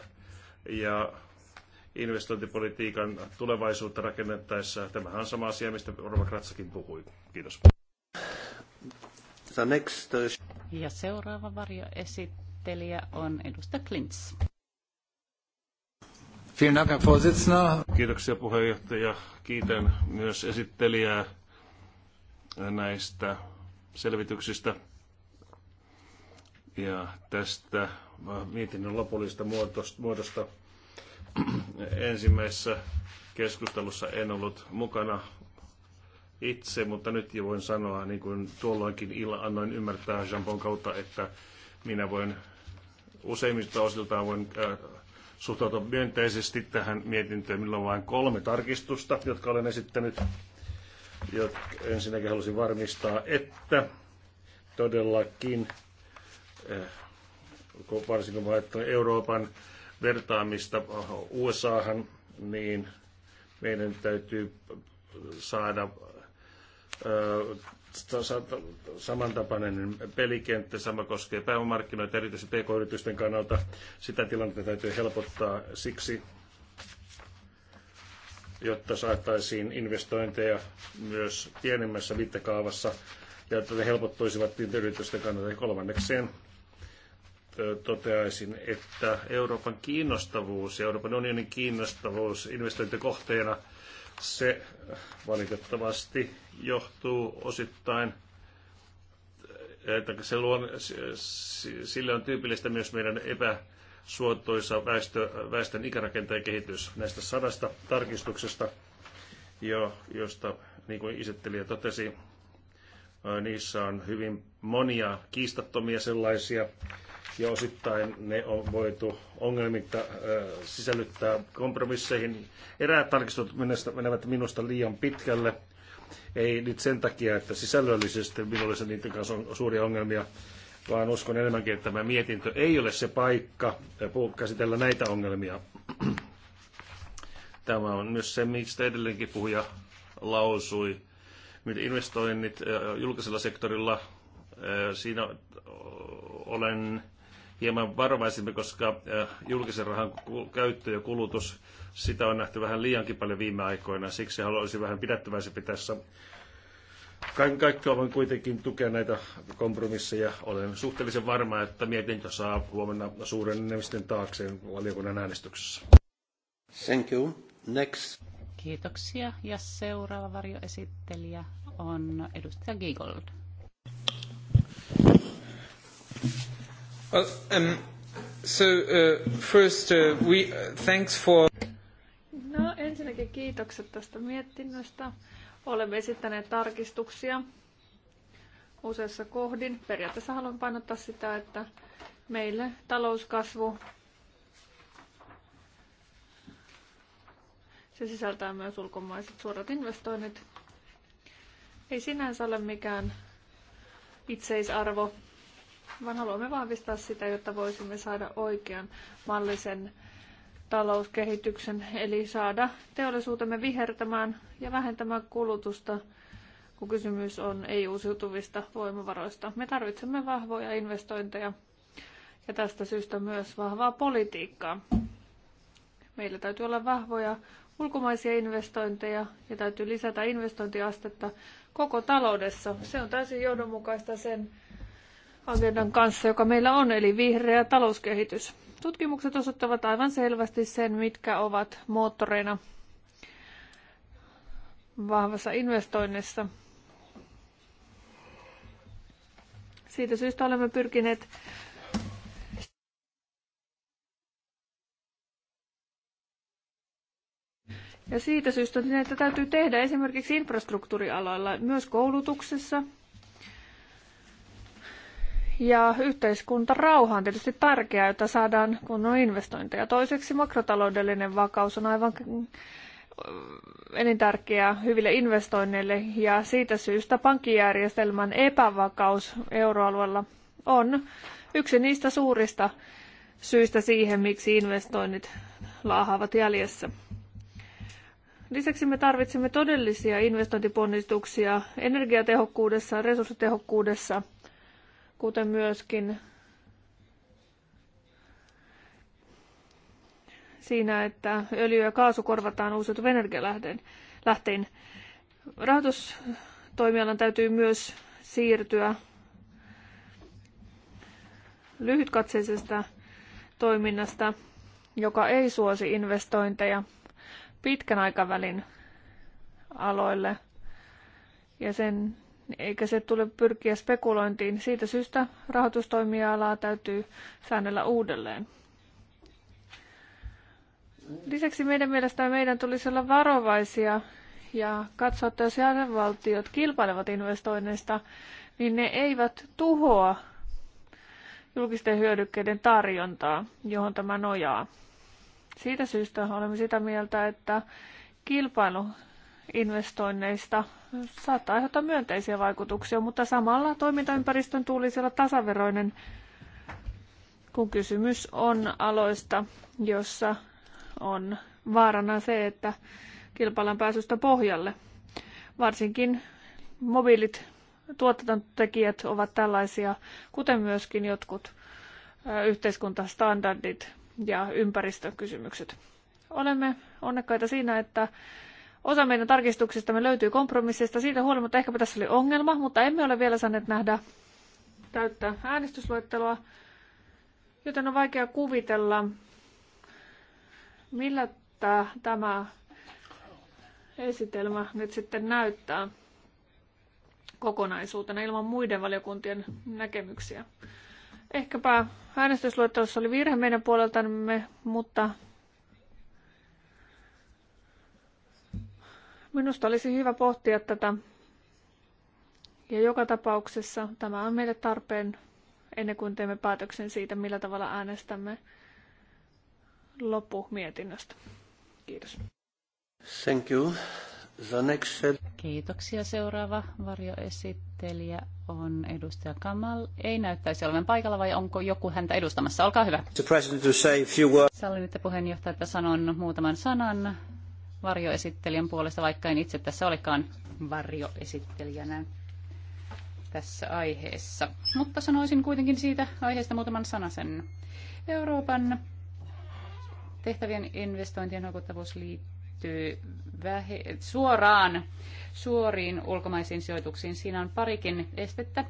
ja investointipolitiikan tulevaisuutta rakennettaessa. tämä on sama asia, mistä Orva Kratsakin puhui. Kiitos. Uh, ja seuraava varjoesittelijä on edustaja Klints. Kiitoksia puheenjohtaja. Kiitän myös esittelijää näistä selvityksistä ja tästä mietinnön lopullisesta muodosta. Ensimmäisessä keskustelussa en ollut mukana itse, mutta nyt jo voin sanoa, niin kuin tuolloinkin illan annoin ymmärtää Jampon kautta, että minä voin useimmista osiltaan voin äh, suhtautua myönteisesti tähän mietintöön, millä on vain kolme tarkistusta, jotka olen esittänyt jotka ensinnäkin halusin varmistaa, että todellakin, eh, varsinkin kun ajattelen Euroopan vertaamista eh, USAhan, niin meidän täytyy saada eh, samantapainen pelikenttä, sama koskee pääomamarkkinoita, erityisesti pk-yritysten kannalta. Sitä tilannetta täytyy helpottaa siksi jotta saataisiin investointeja myös pienemmässä mittakaavassa ja että ne helpottuisivat niiden yritysten kannalta. Kolmannekseen toteaisin, että Euroopan kiinnostavuus ja Euroopan unionin kiinnostavuus investointikohteena se valitettavasti johtuu osittain, että se luon sille on tyypillistä myös meidän epä, suotuisa väestö, väestön ikärakenteen kehitys näistä sadasta tarkistuksesta, jo, josta, niin kuin isettelijä totesi, niissä on hyvin monia kiistattomia sellaisia, ja osittain ne on voitu ongelmitta sisällyttää kompromisseihin. Eräät tarkistut menevät minusta liian pitkälle. Ei nyt sen takia, että sisällöllisesti minulla olisi niiden kanssa on suuria ongelmia, vaan uskon enemmänkin, että tämä mietintö ei ole se paikka äh, käsitellä näitä ongelmia. Tämä on myös se, mistä edelleenkin puhuja lausui. Miten investoinnit äh, julkisella sektorilla, äh, siinä olen hieman varovaisempi, koska julkisen rahan käyttö ja kulutus, sitä on nähty vähän liiankin paljon viime aikoina. Siksi haluaisin vähän pidättäväisempi tässä Kaiken kaikkiaan voin kuitenkin tukea näitä kompromisseja. Olen suhteellisen varma, että mietintö saa huomenna suuren enemmistön taakse valiokunnan äänestyksessä. Thank you. Next. Kiitoksia. Ja seuraava varjoesittelijä on edustaja Giegold. Well, um, so uh, first uh, we uh, thanks for... No ensinnäkin kiitokset tästä mietinnöstä. Olemme esittäneet tarkistuksia useissa kohdin. Periaatteessa haluan painottaa sitä, että meille talouskasvu se sisältää myös ulkomaiset suorat investoinnit. Ei sinänsä ole mikään itseisarvo, vaan haluamme vahvistaa sitä, jotta voisimme saada oikean mallisen talouskehityksen, eli saada teollisuutemme vihertämään ja vähentämään kulutusta, kun kysymys on ei-uusiutuvista voimavaroista. Me tarvitsemme vahvoja investointeja ja tästä syystä myös vahvaa politiikkaa. Meillä täytyy olla vahvoja ulkomaisia investointeja ja täytyy lisätä investointiastetta koko taloudessa. Se on täysin johdonmukaista sen agendan kanssa, joka meillä on, eli vihreä talouskehitys. Tutkimukset osoittavat aivan selvästi sen, mitkä ovat moottoreina vahvassa investoinnissa. Siitä syystä olemme pyrkineet Ja siitä syystä näitä täytyy tehdä esimerkiksi infrastruktuurialoilla, myös koulutuksessa – ja yhteiskuntarauha on tietysti tärkeää, jotta saadaan kunnon investointeja. Toiseksi makrotaloudellinen vakaus on aivan mm, elintärkeää hyville investoinneille ja siitä syystä pankkijärjestelmän epävakaus euroalueella on yksi niistä suurista syistä siihen, miksi investoinnit laahaavat jäljessä. Lisäksi me tarvitsemme todellisia investointiponnistuksia energiatehokkuudessa, resurssitehokkuudessa – kuten myöskin siinä, että öljy ja kaasu korvataan uusiutuvan lähteen Rahoitustoimialan täytyy myös siirtyä lyhytkatseisesta toiminnasta, joka ei suosi investointeja pitkän aikavälin aloille. Ja sen eikä se tule pyrkiä spekulointiin. Siitä syystä rahoitustoimialaa täytyy säännellä uudelleen. Lisäksi meidän mielestämme meidän tulisi olla varovaisia ja katsoa, että jos jäsenvaltiot kilpailevat investoinneista, niin ne eivät tuhoa julkisten hyödykkeiden tarjontaa, johon tämä nojaa. Siitä syystä olemme sitä mieltä, että kilpailu investoinneista saattaa aiheuttaa myönteisiä vaikutuksia, mutta samalla toimintaympäristön tulisi olla tasaveroinen, kun kysymys on aloista, jossa on vaarana se, että kilpaillaan pääsystä pohjalle. Varsinkin mobiilit tuotantotekijät ovat tällaisia, kuten myöskin jotkut yhteiskuntastandardit ja ympäristökysymykset. Olemme onnekkaita siinä, että Osa meidän tarkistuksistamme löytyy kompromisseista Siitä huolimatta ehkäpä tässä oli ongelma, mutta emme ole vielä saaneet nähdä täyttää äänestysluetteloa, joten on vaikea kuvitella, millä tämä esitelmä nyt sitten näyttää kokonaisuutena ilman muiden valiokuntien näkemyksiä. Ehkäpä äänestysluettelossa oli virhe meidän puoleltamme, mutta Minusta olisi hyvä pohtia tätä. Ja joka tapauksessa tämä on meille tarpeen ennen kuin teemme päätöksen siitä, millä tavalla äänestämme loppumietinnöstä. Kiitos. Thank you. The next... Kiitoksia. Seuraava varjoesittelijä on edustaja Kamal. Ei näyttäisi olevan paikalla vai onko joku häntä edustamassa? Olkaa hyvä. Sallin, että puheenjohtaja, että sanon muutaman sanan varjoesittelijän puolesta, vaikka en itse tässä olekaan varjoesittelijänä tässä aiheessa. Mutta sanoisin kuitenkin siitä aiheesta muutaman sanasen. Euroopan tehtävien investointien houkuttavuus liittyy vähe- suoraan suoriin ulkomaisiin sijoituksiin. Siinä on parikin estettä,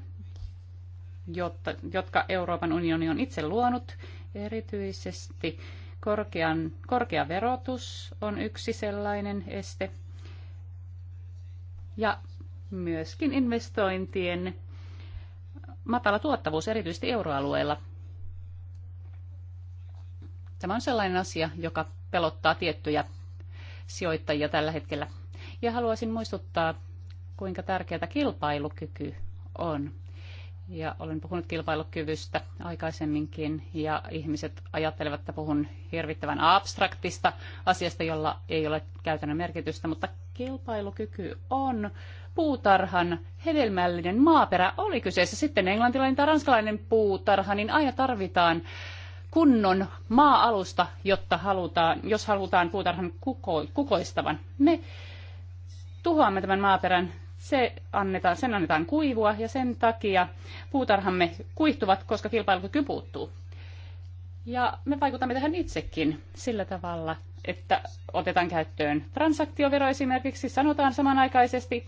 jotta, jotka Euroopan unioni on itse luonut, erityisesti Korkean, korkea verotus on yksi sellainen este. Ja myöskin investointien matala tuottavuus, erityisesti euroalueella. Tämä on sellainen asia, joka pelottaa tiettyjä sijoittajia tällä hetkellä. Ja haluaisin muistuttaa, kuinka tärkeää kilpailukyky on ja olen puhunut kilpailukyvystä aikaisemminkin ja ihmiset ajattelevat, että puhun hirvittävän abstraktista asiasta, jolla ei ole käytännön merkitystä, mutta kilpailukyky on puutarhan hedelmällinen maaperä. Oli kyseessä sitten englantilainen tai ranskalainen puutarha, niin aina tarvitaan kunnon maa-alusta, jotta halutaan, jos halutaan puutarhan kuko, kukoistavan. Me tuhoamme tämän maaperän se annetaan, sen annetaan kuivua ja sen takia puutarhamme kuihtuvat, koska kilpailukyky puuttuu. Ja me vaikutamme tähän itsekin sillä tavalla, että otetaan käyttöön transaktiovero esimerkiksi. Sanotaan samanaikaisesti,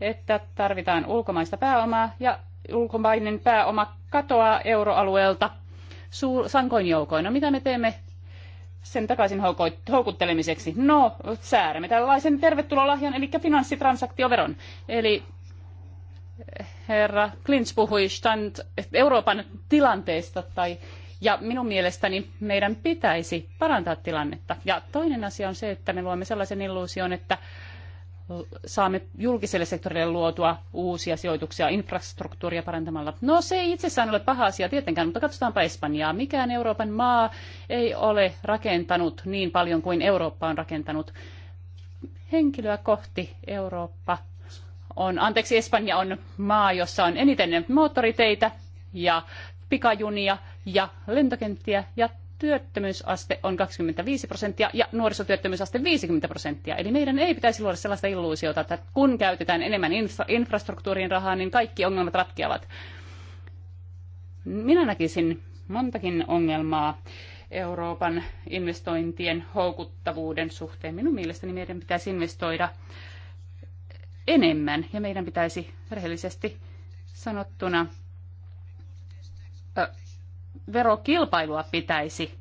että tarvitaan ulkomaista pääomaa ja ulkomainen pääoma katoaa euroalueelta sankoin joukoin. No mitä me teemme sen takaisin houkuttelemiseksi? No, säädämme tällaisen tervetulolahjan, eli finanssitransaktioveron. Eli eh, herra Klins puhui stand Euroopan tilanteesta tai ja minun mielestäni meidän pitäisi parantaa tilannetta. Ja toinen asia on se, että me luomme sellaisen illuusion, että saamme julkiselle sektorille luotua uusia sijoituksia infrastruktuuria parantamalla. No se ei itsessään ole paha asia tietenkään, mutta katsotaanpa Espanjaa. Mikään Euroopan maa ei ole rakentanut niin paljon kuin Eurooppa on rakentanut. Henkilöä kohti Eurooppa on, anteeksi Espanja on maa, jossa on eniten moottoriteitä ja pikajunia ja lentokenttiä ja työttömyysaste on 25 prosenttia ja nuorisotyöttömyysaste 50 prosenttia. Eli meidän ei pitäisi luoda sellaista illuusiota, että kun käytetään enemmän infra- infrastruktuurin rahaa, niin kaikki ongelmat ratkeavat. Minä näkisin montakin ongelmaa Euroopan investointien houkuttavuuden suhteen. Minun mielestäni meidän pitäisi investoida enemmän ja meidän pitäisi rehellisesti sanottuna verokilpailua pitäisi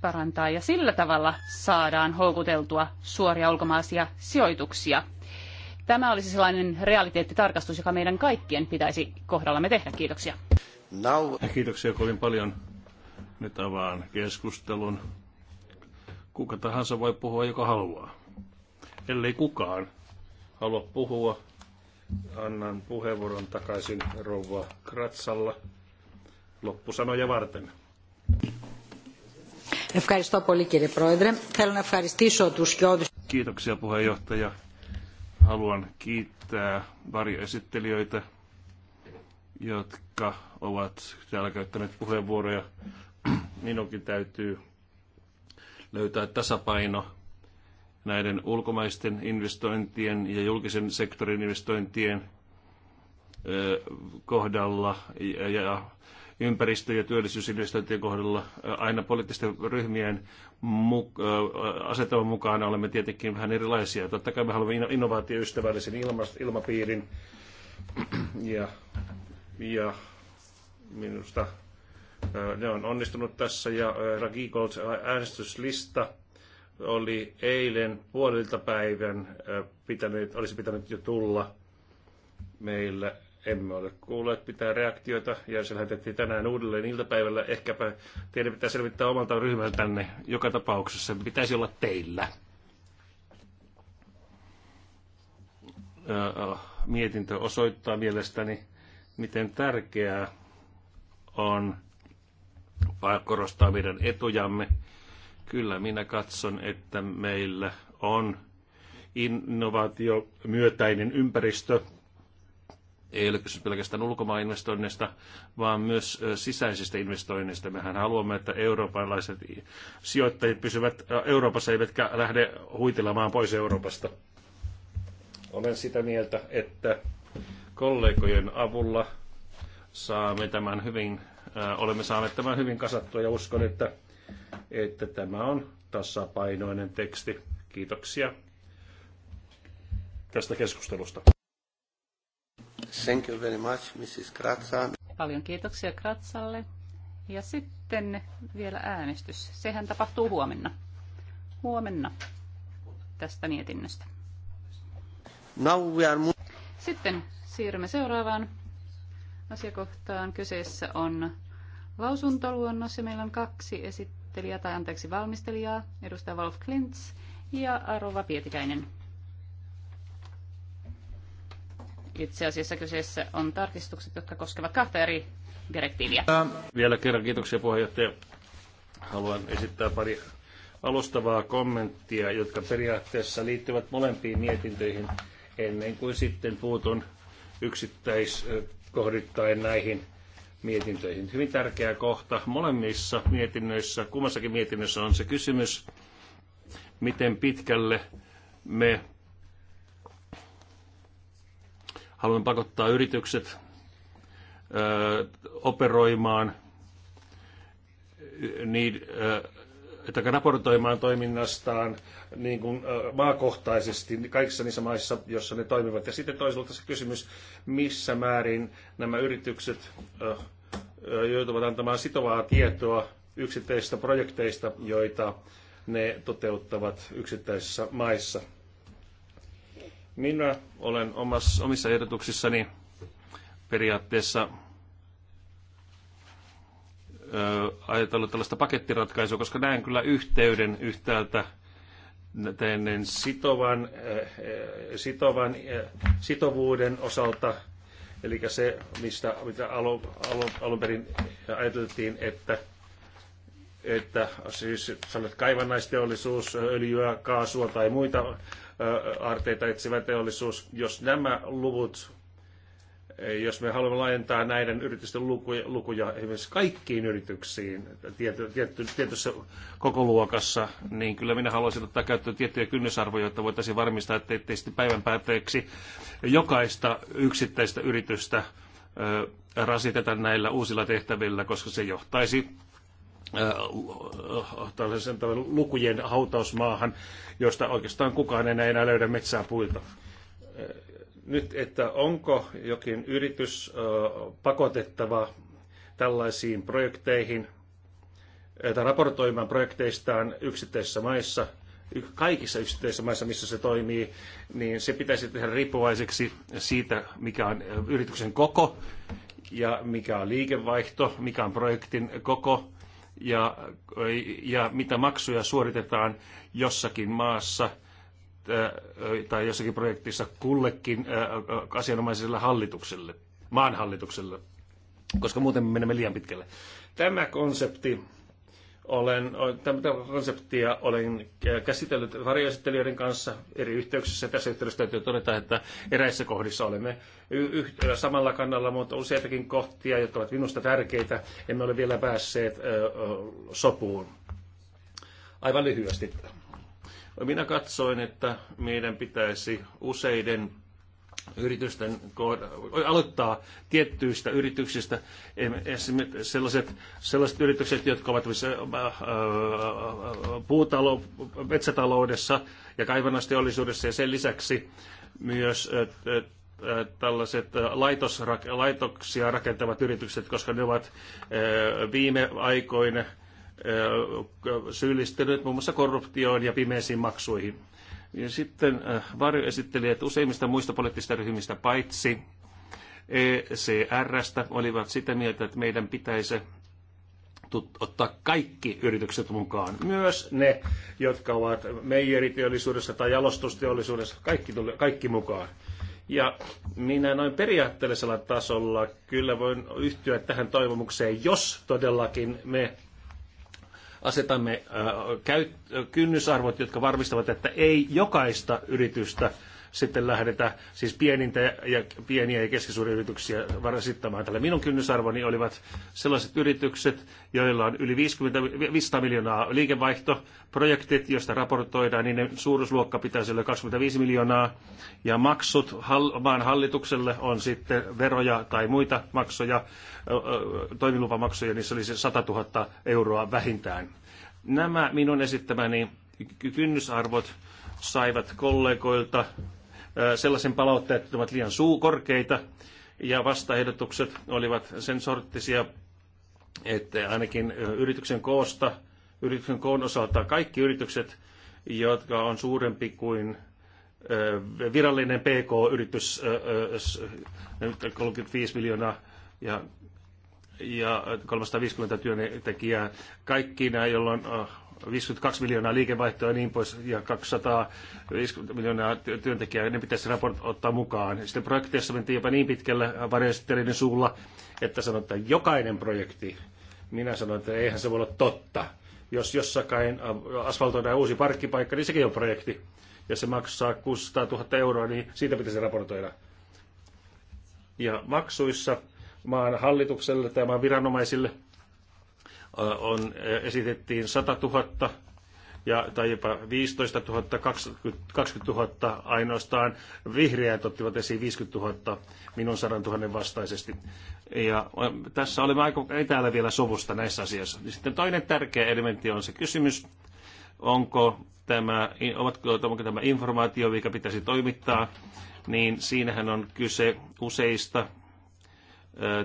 parantaa ja sillä tavalla saadaan houkuteltua suoria ulkomaisia sijoituksia. Tämä olisi sellainen realiteettitarkastus, joka meidän kaikkien pitäisi kohdallamme tehdä. Kiitoksia. Now. Kiitoksia kovin paljon. Nyt avaan keskustelun. Kuka tahansa voi puhua, joka haluaa. Ellei kukaan halua puhua, annan puheenvuoron takaisin rouva Kratsalla loppusanoja varten. Kiitoksia puheenjohtaja. Haluan kiittää varjoesittelijöitä, jotka ovat täällä käyttäneet puheenvuoroja. Minunkin täytyy löytää tasapaino näiden ulkomaisten investointien ja julkisen sektorin investointien kohdalla ja ympäristö- ja työllisyysinvestointien kohdalla aina poliittisten ryhmien asetelman mukaan olemme tietenkin vähän erilaisia. Totta kai me haluamme innovaatioystävällisen ilmapiirin ja, ja minusta ne on onnistunut tässä ja Gold äänestyslista oli eilen puolilta päivän pitänyt, olisi pitänyt jo tulla meillä emme ole kuulleet mitään reaktioita ja se lähetettiin tänään uudelleen iltapäivällä. Ehkäpä teidän pitää selvittää omalta ryhmältänne joka tapauksessa. Pitäisi olla teillä. Äh, mietintö osoittaa mielestäni, miten tärkeää on korostaa meidän etujamme. Kyllä minä katson, että meillä on myötäinen ympäristö ei ole kysymys pelkästään investoinneista, vaan myös sisäisistä investoinneista. Mehän haluamme, että eurooppalaiset sijoittajat pysyvät Euroopassa eivätkä lähde huitelemaan pois Euroopasta. Olen sitä mieltä, että kollegojen avulla saamme tämän hyvin, olemme saaneet tämän hyvin kasattua ja uskon, että, että tämä on tasapainoinen teksti. Kiitoksia tästä keskustelusta. Thank you very much, Mrs. Kratsa. Paljon kiitoksia Kratsalle. Ja sitten vielä äänestys. Sehän tapahtuu huomenna. Huomenna tästä mietinnöstä. Now we are... Sitten siirrymme seuraavaan asiakohtaan. Kyseessä on lausuntoluonnos ja meillä on kaksi esittelijää tai anteeksi valmistelijaa, edustaja Wolf Klintz ja Arova Pietikäinen. Itse asiassa kyseessä on tarkistukset, jotka koskevat kahta eri direktiiviä. Ähm, vielä kerran kiitoksia puheenjohtaja. Haluan esittää pari alustavaa kommenttia, jotka periaatteessa liittyvät molempiin mietintöihin ennen kuin sitten puutun yksittäiskohdittain näihin mietintöihin. Hyvin tärkeä kohta molemmissa mietinnöissä, kummassakin mietinnössä on se kysymys, miten pitkälle me Haluamme pakottaa yritykset ö, operoimaan, niin, ö, tai raportoimaan toiminnastaan niin kuin, ö, maakohtaisesti kaikissa niissä maissa, joissa ne toimivat. Ja sitten toisaalta se kysymys, missä määrin nämä yritykset ö, ö, joutuvat antamaan sitovaa tietoa yksittäisistä projekteista, joita ne toteuttavat yksittäisissä maissa. Minä olen omassa, omissa ehdotuksissani periaatteessa ajatellut tällaista pakettiratkaisua, koska näen kyllä yhteyden yhtäältä tämän sitovan, sitovan, sitovuuden osalta, eli se, mistä, mitä alun, alun, alun perin ajateltiin, että, että siis sanot kaivannaisteollisuus, öljyä, kaasua tai muita aarteita etsivä teollisuus. Jos nämä luvut, jos me haluamme laajentaa näiden yritysten lukuja, lukuja esimerkiksi kaikkiin yrityksiin tiety, tiety, tietyssä kokoluokassa, niin kyllä minä haluaisin ottaa käyttöön tiettyjä kynnysarvoja, jotta voitaisiin varmistaa, että ettei sitten päivän päätteeksi jokaista yksittäistä yritystä rasiteta näillä uusilla tehtävillä, koska se johtaisi Äh, tällaisen lukujen hautausmaahan, josta oikeastaan kukaan enää, enää löydä metsää puilta. Äh, nyt, että onko jokin yritys äh, pakotettava tällaisiin projekteihin tai raportoimaan projekteistaan yksittäisissä maissa, kaikissa yksittäisissä maissa, missä se toimii, niin se pitäisi tehdä riippuvaiseksi siitä, mikä on yrityksen koko ja mikä on liikevaihto, mikä on projektin koko ja, ja mitä maksuja suoritetaan jossakin maassa äh, tai jossakin projektissa kullekin äh, äh, asianomaiselle hallitukselle, maanhallitukselle, koska muuten me menemme liian pitkälle. Tämä konsepti olen, tätä konseptia olen käsitellyt varjoesittelijöiden kanssa eri yhteyksissä. Tässä yhteydessä täytyy todeta, että eräissä kohdissa olemme samalla kannalla, mutta useitakin kohtia, jotka ovat minusta tärkeitä, emme ole vielä päässeet sopuun. Aivan lyhyesti. Minä katsoin, että meidän pitäisi useiden yritysten aloittaa tiettyistä yrityksistä, esimerkiksi sellaiset, sellaiset yritykset, jotka ovat äh, äh, äh, puutalo, metsätaloudessa ja kaivannasteollisuudessa ja sen lisäksi myös tällaiset laitos, laitoksia rakentavat yritykset, koska ne ovat viime aikoina syyllistyneet muun muassa korruptioon ja pimeisiin maksuihin ja sitten äh, että useimmista muista poliittisista ryhmistä paitsi ECRstä olivat sitä mieltä, että meidän pitäisi ottaa kaikki yritykset mukaan. Myös ne, jotka ovat meijeriteollisuudessa tai jalostusteollisuudessa, kaikki, tuli, kaikki mukaan. Ja minä noin periaatteellisella tasolla kyllä voin yhtyä tähän toivomukseen, jos todellakin me asetamme kynnysarvot, jotka varmistavat, että ei jokaista yritystä sitten lähdetä, siis pienintä ja pieniä ja keskisuuria yrityksiä rasittamaan. Tällä minun kynnysarvoni olivat sellaiset yritykset, joilla on yli 50, 500 miljoonaa liikevaihto, projektit, joista raportoidaan, niin suuruusluokka pitäisi olla 25 miljoonaa, ja maksut hall, maan hallitukselle on sitten veroja tai muita maksuja, toimilupamaksuja, niissä se olisi 100 000 euroa vähintään. Nämä minun esittämäni kynnysarvot saivat kollegoilta sellaisen palautteen, että ovat liian suukorkeita, ja vastaehdotukset olivat sen sorttisia, että ainakin yrityksen koosta, yrityksen koon osalta kaikki yritykset, jotka on suurempi kuin virallinen PK-yritys, 35 miljoonaa ja, ja 350 työntekijää, kaikki nämä, on. 52 miljoonaa liikevaihtoa ja niin pois, ja 250 miljoonaa työntekijää, ne pitäisi raport ottaa mukaan. Sitten projekteissa mentiin jopa niin pitkällä varjoisittelijan suulla, että sanotaan, että jokainen projekti, minä sanoin, että eihän se voi olla totta. Jos jossakin äh, asfaltoidaan uusi parkkipaikka, niin sekin on projekti, ja se maksaa 600 000 euroa, niin siitä pitäisi raportoida. Ja maksuissa maan hallitukselle tai maan viranomaisille – on, esitettiin 100 000 ja, tai jopa 15 000, 20 000 ainoastaan. Vihreät ottivat esiin 50 000 minun 100 000 vastaisesti. Ja tässä olemme aika etäällä vielä sovusta näissä asioissa. Sitten toinen tärkeä elementti on se kysymys, onko tämä, ovatko, onko tämä informaatio, mikä pitäisi toimittaa, niin siinähän on kyse useista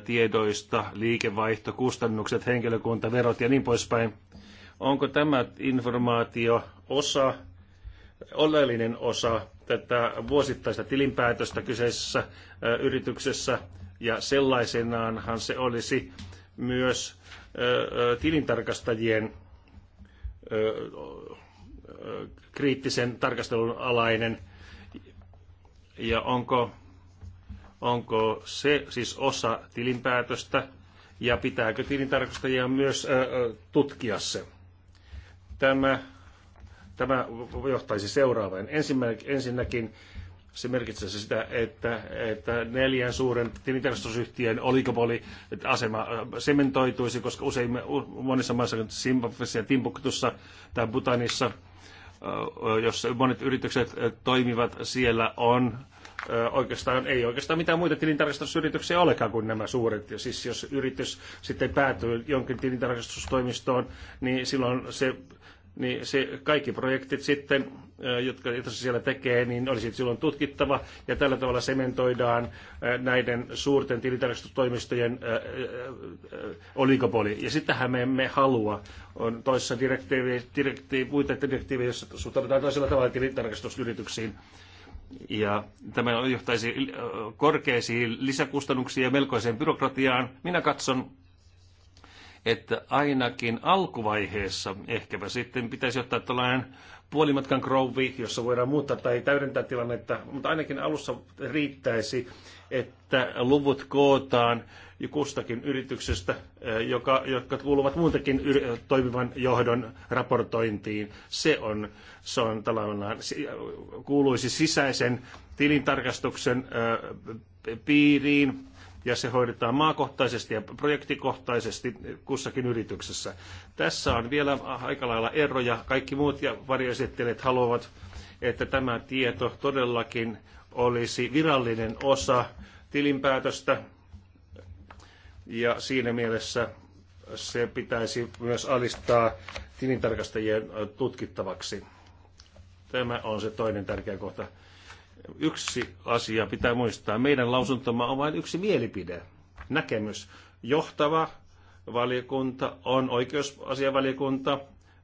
tiedoista, liikevaihto, kustannukset, henkilökunta, verot ja niin poispäin. Onko tämä informaatio osa, oleellinen osa tätä vuosittaista tilinpäätöstä kyseisessä yrityksessä ja sellaisenaanhan se olisi myös tilintarkastajien kriittisen tarkastelun alainen ja onko onko se siis osa tilinpäätöstä ja pitääkö tilintarkastajia myös tutkia se. Tämä, tämä johtaisi seuraavaan. Ensinnäkin se merkitsee sitä, että, että neljän suuren tilintarkastusyhtiön asema sementoituisi, koska usein monissa maissa, Zimbabwessa ja Timbuktussa tai Butanissa, jossa monet yritykset toimivat, siellä on oikeastaan, ei oikeastaan mitään muita tilintarkastusyrityksiä olekaan kuin nämä suuret. Ja siis jos yritys sitten päätyy jonkin tilintarkastustoimistoon, niin silloin se, niin se kaikki projektit sitten, jotka, jotka se siellä tekee, niin olisi silloin tutkittava. Ja tällä tavalla sementoidaan näiden suurten tilintarkastustoimistojen oligopoli. Ja sitähän me emme halua. On toissa direktiivi, direktiivi, muita direktiivejä, joissa suhtaudutaan toisella tavalla tilintarkastusyrityksiin. Ja tämä johtaisi korkeisiin lisäkustannuksiin ja melkoiseen byrokratiaan. Minä katson, että ainakin alkuvaiheessa ehkäpä sitten pitäisi ottaa tällainen puolimatkan krouvi, jossa voidaan muuttaa tai täydentää tilannetta, mutta ainakin alussa riittäisi, että luvut kootaan kustakin yrityksestä, eh, joka, jotka kuuluvat muutakin eh, toimivan johdon raportointiin. Se on, se on tavallaan, kuuluisi sisäisen tilintarkastuksen eh, piiriin ja se hoidetaan maakohtaisesti ja projektikohtaisesti kussakin yrityksessä. Tässä on vielä aika lailla eroja. Kaikki muut ja varjoesittelijät haluavat, että tämä tieto todellakin olisi virallinen osa tilinpäätöstä ja siinä mielessä se pitäisi myös alistaa tilintarkastajien tutkittavaksi. Tämä on se toinen tärkeä kohta. Yksi asia pitää muistaa. Meidän lausuntoma on vain yksi mielipide, näkemys. Johtava valiokunta on oikeusasiavaliokunta,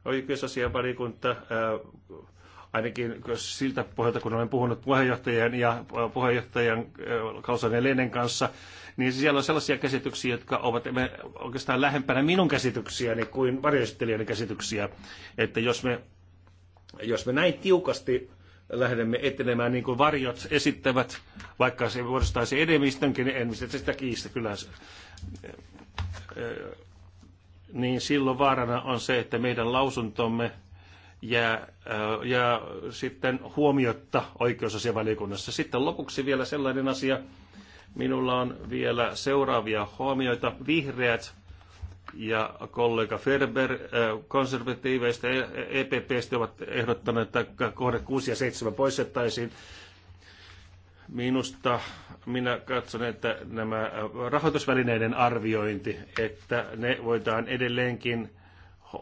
oikeusasiavaliokunta ainakin siltä pohjalta, kun olen puhunut puheenjohtajan ja äh, puheenjohtajan Kalsan äh, Lenen kanssa, niin siellä on sellaisia käsityksiä, jotka ovat oikeastaan lähempänä minun käsityksiäni kuin varjoistelijan käsityksiä. Että jos me, jos me näin tiukasti lähdemme etenemään niin kuin varjot esittävät, vaikka se muodostaisi enemmistönkin, niin en mistä sitä kiistä kyllä, äh, niin silloin vaarana on se, että meidän lausuntomme – jää, äh, jää sitten huomiotta oikeusasiavaliokunnassa. Sitten lopuksi vielä sellainen asia. Minulla on vielä seuraavia huomioita. Vihreät ja kollega Ferber äh, konservatiiveista EPPstä ovat ehdottaneet, että kohde 6 ja 7 poistettaisiin. Minusta minä katson, että nämä rahoitusvälineiden arviointi, että ne voidaan edelleenkin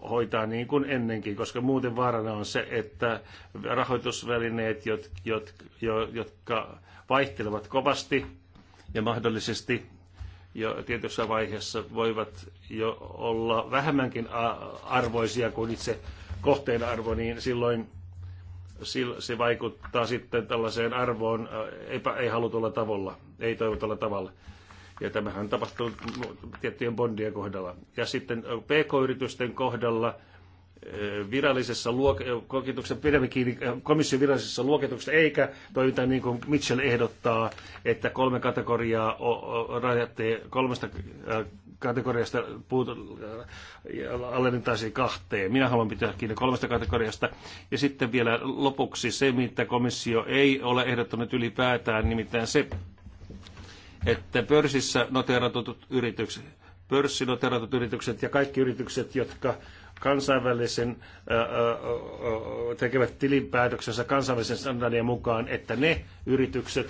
hoitaa niin kuin ennenkin, koska muuten vaarana on se, että rahoitusvälineet, jotka vaihtelevat kovasti ja mahdollisesti jo tietyssä vaiheessa voivat jo olla vähemmänkin arvoisia kuin itse kohteen arvo, niin silloin se vaikuttaa sitten tällaiseen arvoon ei halutulla tavalla, ei toivotulla tavalla. Ja tämähän on tapahtunut tiettyjen bondien kohdalla. Ja sitten PK-yritysten kohdalla virallisessa luokituksessa, pidämme kiinni komission virallisessa luokituksessa, eikä toimita niin kuin Mitchell ehdottaa, että kolme kategoriaa rajatte kolmesta kategoriasta alennettaisiin kahteen. Minä haluan pitää kiinni kolmesta kategoriasta. Ja sitten vielä lopuksi se, mitä komissio ei ole ehdottanut ylipäätään, nimittäin se, että pörssissä noteeratut yritykset, pörssinoteeratut yritykset ja kaikki yritykset, jotka kansainvälisen tekevät tilinpäätöksensä kansainvälisen standardien mukaan, että ne yritykset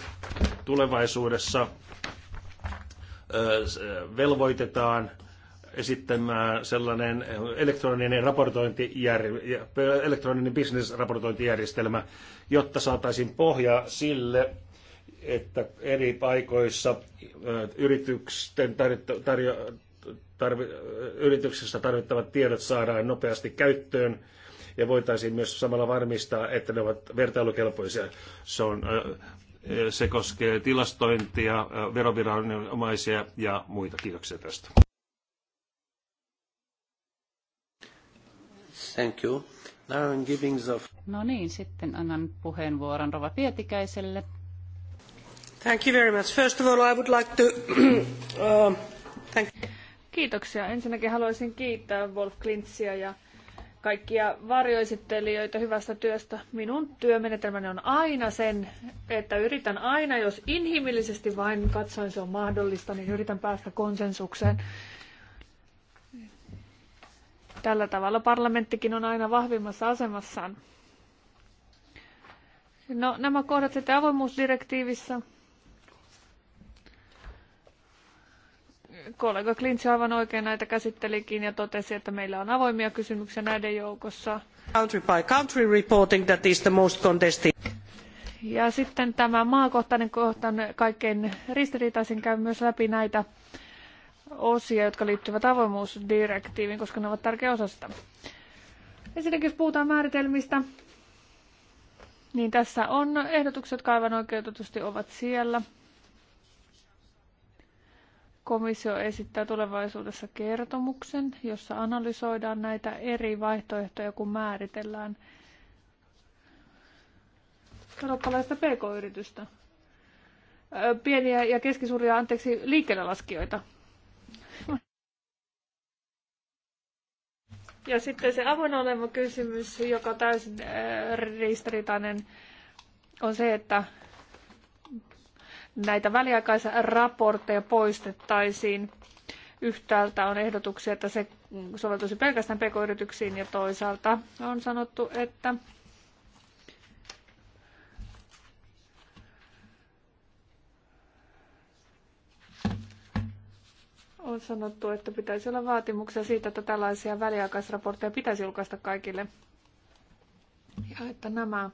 tulevaisuudessa velvoitetaan esittämään sellainen elektroninen raportointijär, elektroninen business raportointijärjestelmä, jotta saataisiin pohjaa sille, että eri paikoissa yritysten tarjo- tarjo- tarvi- yrityksessä tarvittavat tiedot saadaan nopeasti käyttöön ja voitaisiin myös samalla varmistaa, että ne ovat vertailukelpoisia. Se, on, se koskee tilastointia, veroviranomaisia ja muita. Kiitoksia tästä. Thank you. Now I'm giving the... No niin, sitten annan puheenvuoron Rova Pietikäiselle Thank you very much. First of all, I would like to uh, thank Kiitoksia. Ensinnäkin haluaisin kiittää Wolf Klintsiä ja kaikkia varjoesittelijöitä hyvästä työstä. Minun työmenetelmäni on aina sen, että yritän aina, jos inhimillisesti vain katsoin se on mahdollista, niin yritän päästä konsensukseen. Tällä tavalla parlamenttikin on aina vahvimmassa asemassaan. No, nämä kohdat sitten avoimuusdirektiivissä kollega Klintsi aivan oikein näitä käsittelikin ja totesi, että meillä on avoimia kysymyksiä näiden joukossa. Country by country reporting that is the most contested. Ja sitten tämä maakohtainen kohtaan kaikkein ristiriitaisin käy myös läpi näitä osia, jotka liittyvät avoimuusdirektiiviin, koska ne ovat tärkeä osa sitä. Ensinnäkin jos puhutaan määritelmistä, niin tässä on ehdotukset, jotka aivan oikeutetusti ovat siellä komissio esittää tulevaisuudessa kertomuksen, jossa analysoidaan näitä eri vaihtoehtoja, kun määritellään eurooppalaista pk-yritystä. Pieniä ja keskisuuria, anteeksi, liikkeellelaskijoita. Ja sitten se avoin oleva kysymys, joka on täysin ristiriitainen, on se, että näitä väliaikaisia raportteja poistettaisiin. Yhtäältä on ehdotuksia, että se soveltuisi pelkästään pk-yrityksiin ja toisaalta on sanottu, että on sanottu, että pitäisi olla vaatimuksia siitä, että tällaisia väliaikaisraportteja pitäisi julkaista kaikille. Ja että nämä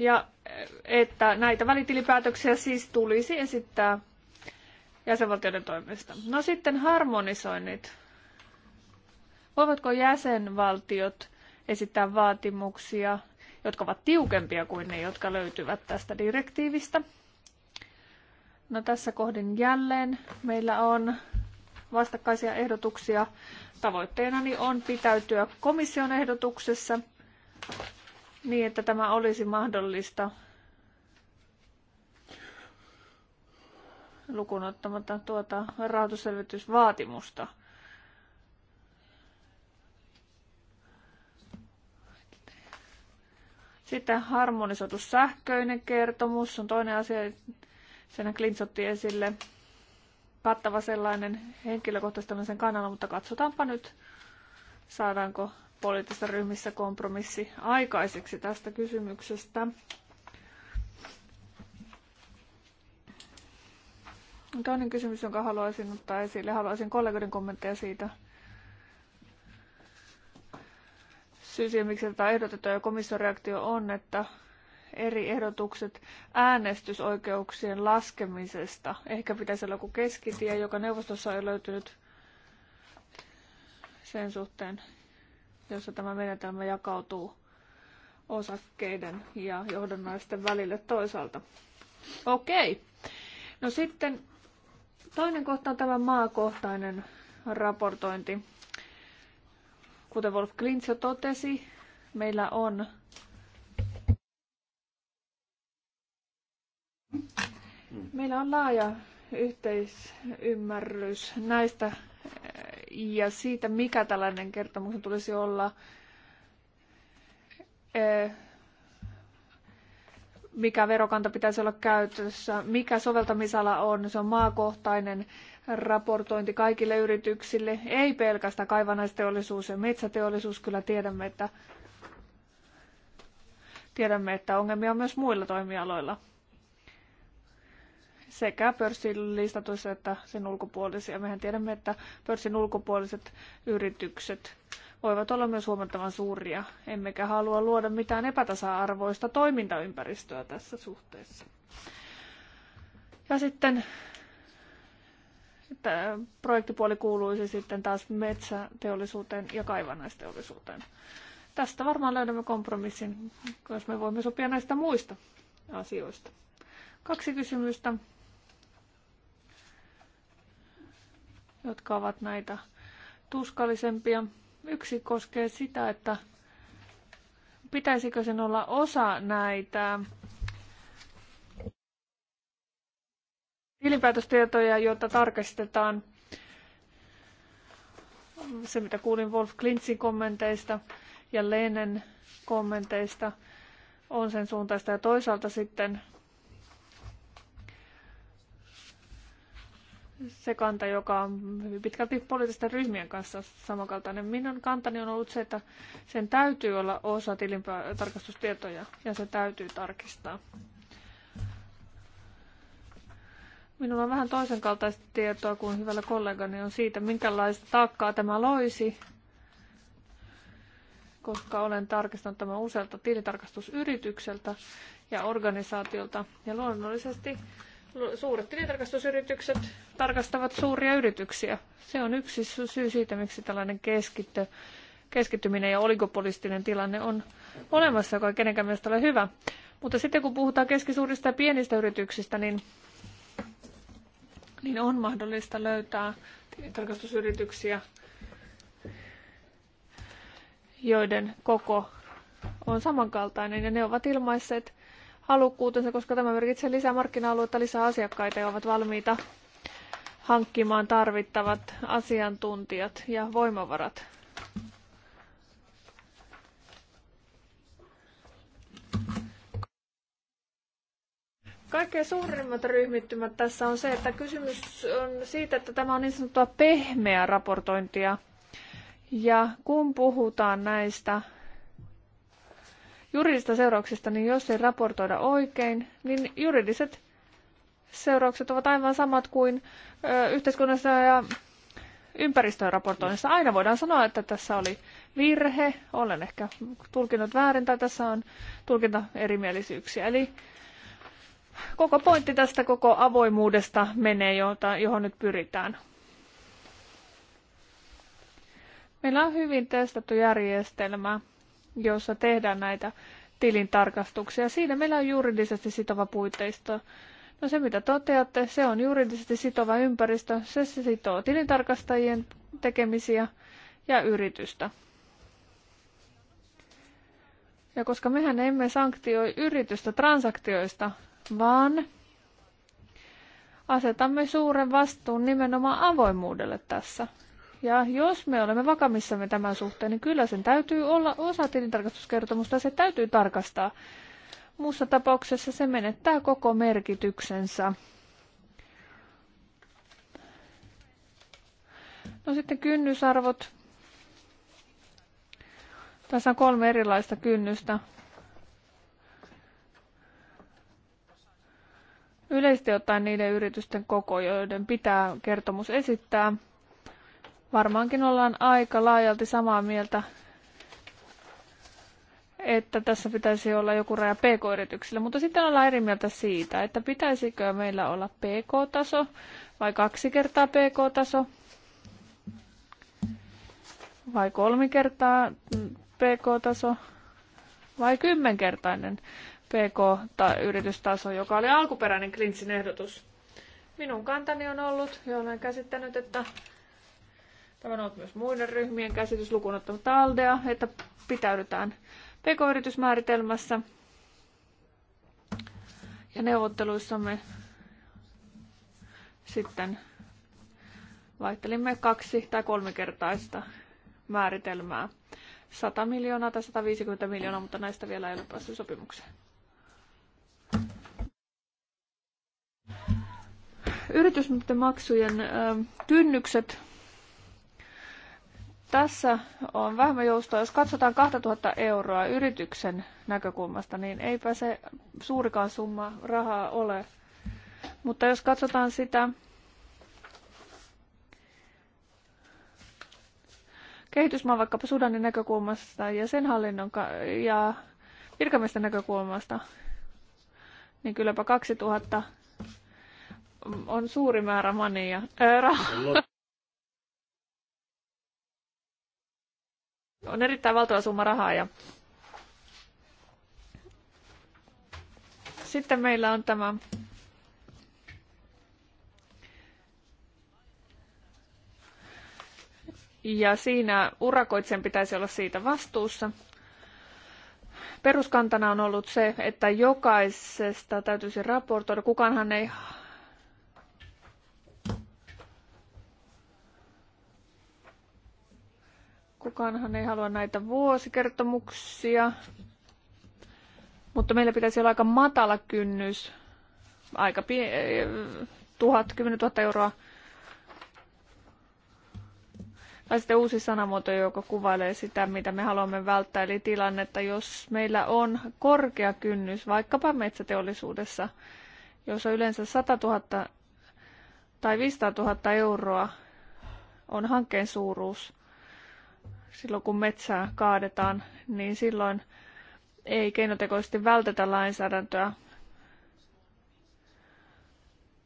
Ja eh, että näitä välitilipäätöksiä siis tulisi esittää jäsenvaltioiden toimesta. No sitten harmonisoinnit. Voivatko jäsenvaltiot esittää vaatimuksia, jotka ovat tiukempia kuin ne, jotka löytyvät tästä direktiivistä? No tässä kohdin jälleen meillä on vastakkaisia ehdotuksia. Tavoitteenani on pitäytyä komission ehdotuksessa niin, että tämä olisi mahdollista lukuun ottamatta tuota rahoitusselvitysvaatimusta. Sitten harmonisoitu sähköinen kertomus on toinen asia, sen Klintz esille. Kattava sellainen henkilökohtaisesti sen kannalla, mutta katsotaanpa nyt, saadaanko poliittisissa ryhmissä kompromissi aikaiseksi tästä kysymyksestä. Toinen kysymys, jonka haluaisin ottaa esille, haluaisin kollegoiden kommentteja siitä syy siihen, miksi tätä ehdotettu ja komission reaktio on, että eri ehdotukset äänestysoikeuksien laskemisesta. Ehkä pitäisi olla joku keskitie, joka neuvostossa on löytynyt sen suhteen jossa tämä menetelmä jakautuu osakkeiden ja johdonnaisten välille toisaalta. Okei. No sitten toinen kohta on tämä maakohtainen raportointi. Kuten Wolf Klintz jo totesi, meillä on Meillä on laaja yhteisymmärrys näistä ja siitä, mikä tällainen kertomus tulisi olla, e, mikä verokanta pitäisi olla käytössä, mikä soveltamisala on, se on maakohtainen raportointi kaikille yrityksille, ei pelkästään kaivannaisteollisuus ja metsäteollisuus, kyllä tiedämme, että tiedämme, että ongelmia on myös muilla toimialoilla sekä pörssin listatuissa että sen ulkopuolisia. Mehän tiedämme, että pörssin ulkopuoliset yritykset voivat olla myös huomattavan suuria, emmekä halua luoda mitään epätasa-arvoista toimintaympäristöä tässä suhteessa. Ja sitten että projektipuoli kuuluisi sitten taas metsäteollisuuteen ja kaivannaisteollisuuteen. Tästä varmaan löydämme kompromissin, jos me voimme sopia näistä muista asioista. Kaksi kysymystä jotka ovat näitä tuskallisempia. Yksi koskee sitä, että pitäisikö sen olla osa näitä tilinpäätöstietoja, joita tarkistetaan. Se, mitä kuulin Wolf Klintzin kommenteista ja Lenen kommenteista, on sen suuntaista. Ja toisaalta sitten se kanta, joka on hyvin pitkälti poliittisten ryhmien kanssa samankaltainen. Minun kantani on ollut se, että sen täytyy olla osa tilintarkastustietoja ja se täytyy tarkistaa. Minulla on vähän toisen kaltaista tietoa kuin hyvällä kollegani on siitä, minkälaista taakkaa tämä loisi, koska olen tarkistanut tämän usealta tilintarkastusyritykseltä ja organisaatiolta. Ja luonnollisesti suuret tilintarkastusyritykset tarkastavat suuria yrityksiä. Se on yksi syy siitä, miksi tällainen keskittyminen ja oligopolistinen tilanne on olemassa, joka ei kenenkään mielestä ole hyvä. Mutta sitten kun puhutaan keskisuurista ja pienistä yrityksistä, niin, niin on mahdollista löytää tilintarkastusyrityksiä, joiden koko on samankaltainen ja ne ovat ilmaisseet halukkuutensa, koska tämä merkitsee lisää markkina alueita lisää asiakkaita ja ovat valmiita hankkimaan tarvittavat asiantuntijat ja voimavarat. Kaikkein suurimmat ryhmittymät tässä on se, että kysymys on siitä, että tämä on niin sanottua pehmeä raportointia. Ja kun puhutaan näistä juridista seurauksista, niin jos ei raportoida oikein, niin juridiset seuraukset ovat aivan samat kuin ö, yhteiskunnassa ja ympäristöön raportoinnissa. Aina voidaan sanoa, että tässä oli virhe, olen ehkä tulkinnut väärin tai tässä on tulkinta erimielisyyksiä. Eli koko pointti tästä koko avoimuudesta menee, johon nyt pyritään. Meillä on hyvin testattu järjestelmä, jossa tehdään näitä tilintarkastuksia. Siinä meillä on juridisesti sitova puitteisto. No se, mitä toteatte, se on juridisesti sitova ympäristö. Se, se sitoo tilintarkastajien tekemisiä ja yritystä. Ja koska mehän emme sanktioi yritystä transaktioista, vaan asetamme suuren vastuun nimenomaan avoimuudelle tässä. Ja jos me olemme vakamissamme tämän suhteen, niin kyllä sen täytyy olla osa tilintarkastuskertomusta ja se täytyy tarkastaa. Muussa tapauksessa se menettää koko merkityksensä. No sitten kynnysarvot. Tässä on kolme erilaista kynnystä. Yleisesti ottaen niiden yritysten koko, joiden pitää kertomus esittää – Varmaankin ollaan aika laajalti samaa mieltä, että tässä pitäisi olla joku raja pk-yrityksille, mutta sitten ollaan eri mieltä siitä, että pitäisikö meillä olla pk-taso vai kaksi kertaa pk-taso vai kolme kertaa pk-taso vai kymmenkertainen pk-yritystaso, joka oli alkuperäinen Klintsin ehdotus. Minun kantani on ollut, ja olen käsittänyt, että Tämä on ollut myös muiden ryhmien käsitys lukuun ottamatta Aldea, että pitäydytään pk-yritysmääritelmässä ja neuvotteluissamme sitten vaihtelimme kaksi tai kolmikertaista määritelmää. 100 miljoonaa tai 150 miljoonaa, mutta näistä vielä ei ole päässyt sopimukseen. Yritysmaksujen maksujen kynnykset tässä on vähemmän joustoa. Jos katsotaan 2000 euroa yrityksen näkökulmasta, niin eipä se suurikaan summa rahaa ole. Mutta jos katsotaan sitä kehitysmaa vaikkapa Sudanin näkökulmasta ja sen hallinnon ja virkamiesten näkökulmasta, niin kylläpä 2000 on suuri määrä mania, ää, äh, rahaa. on erittäin valtava summa rahaa. Ja... Sitten meillä on tämä ja siinä urakoitsen pitäisi olla siitä vastuussa. Peruskantana on ollut se, että jokaisesta täytyisi raportoida. Kukaanhan ei Kukaanhan ei halua näitä vuosikertomuksia. Mutta meillä pitäisi olla aika matala kynnys, aika pie- eh, tuhat, kymmenen tuhatta euroa. Tai sitten uusi sanamuoto, joka kuvailee sitä, mitä me haluamme välttää, eli tilannetta, jos meillä on korkea kynnys, vaikkapa metsäteollisuudessa, jossa yleensä 100 000 tai 500 000 euroa on hankkeen suuruus, silloin kun metsää kaadetaan, niin silloin ei keinotekoisesti vältetä lainsäädäntöä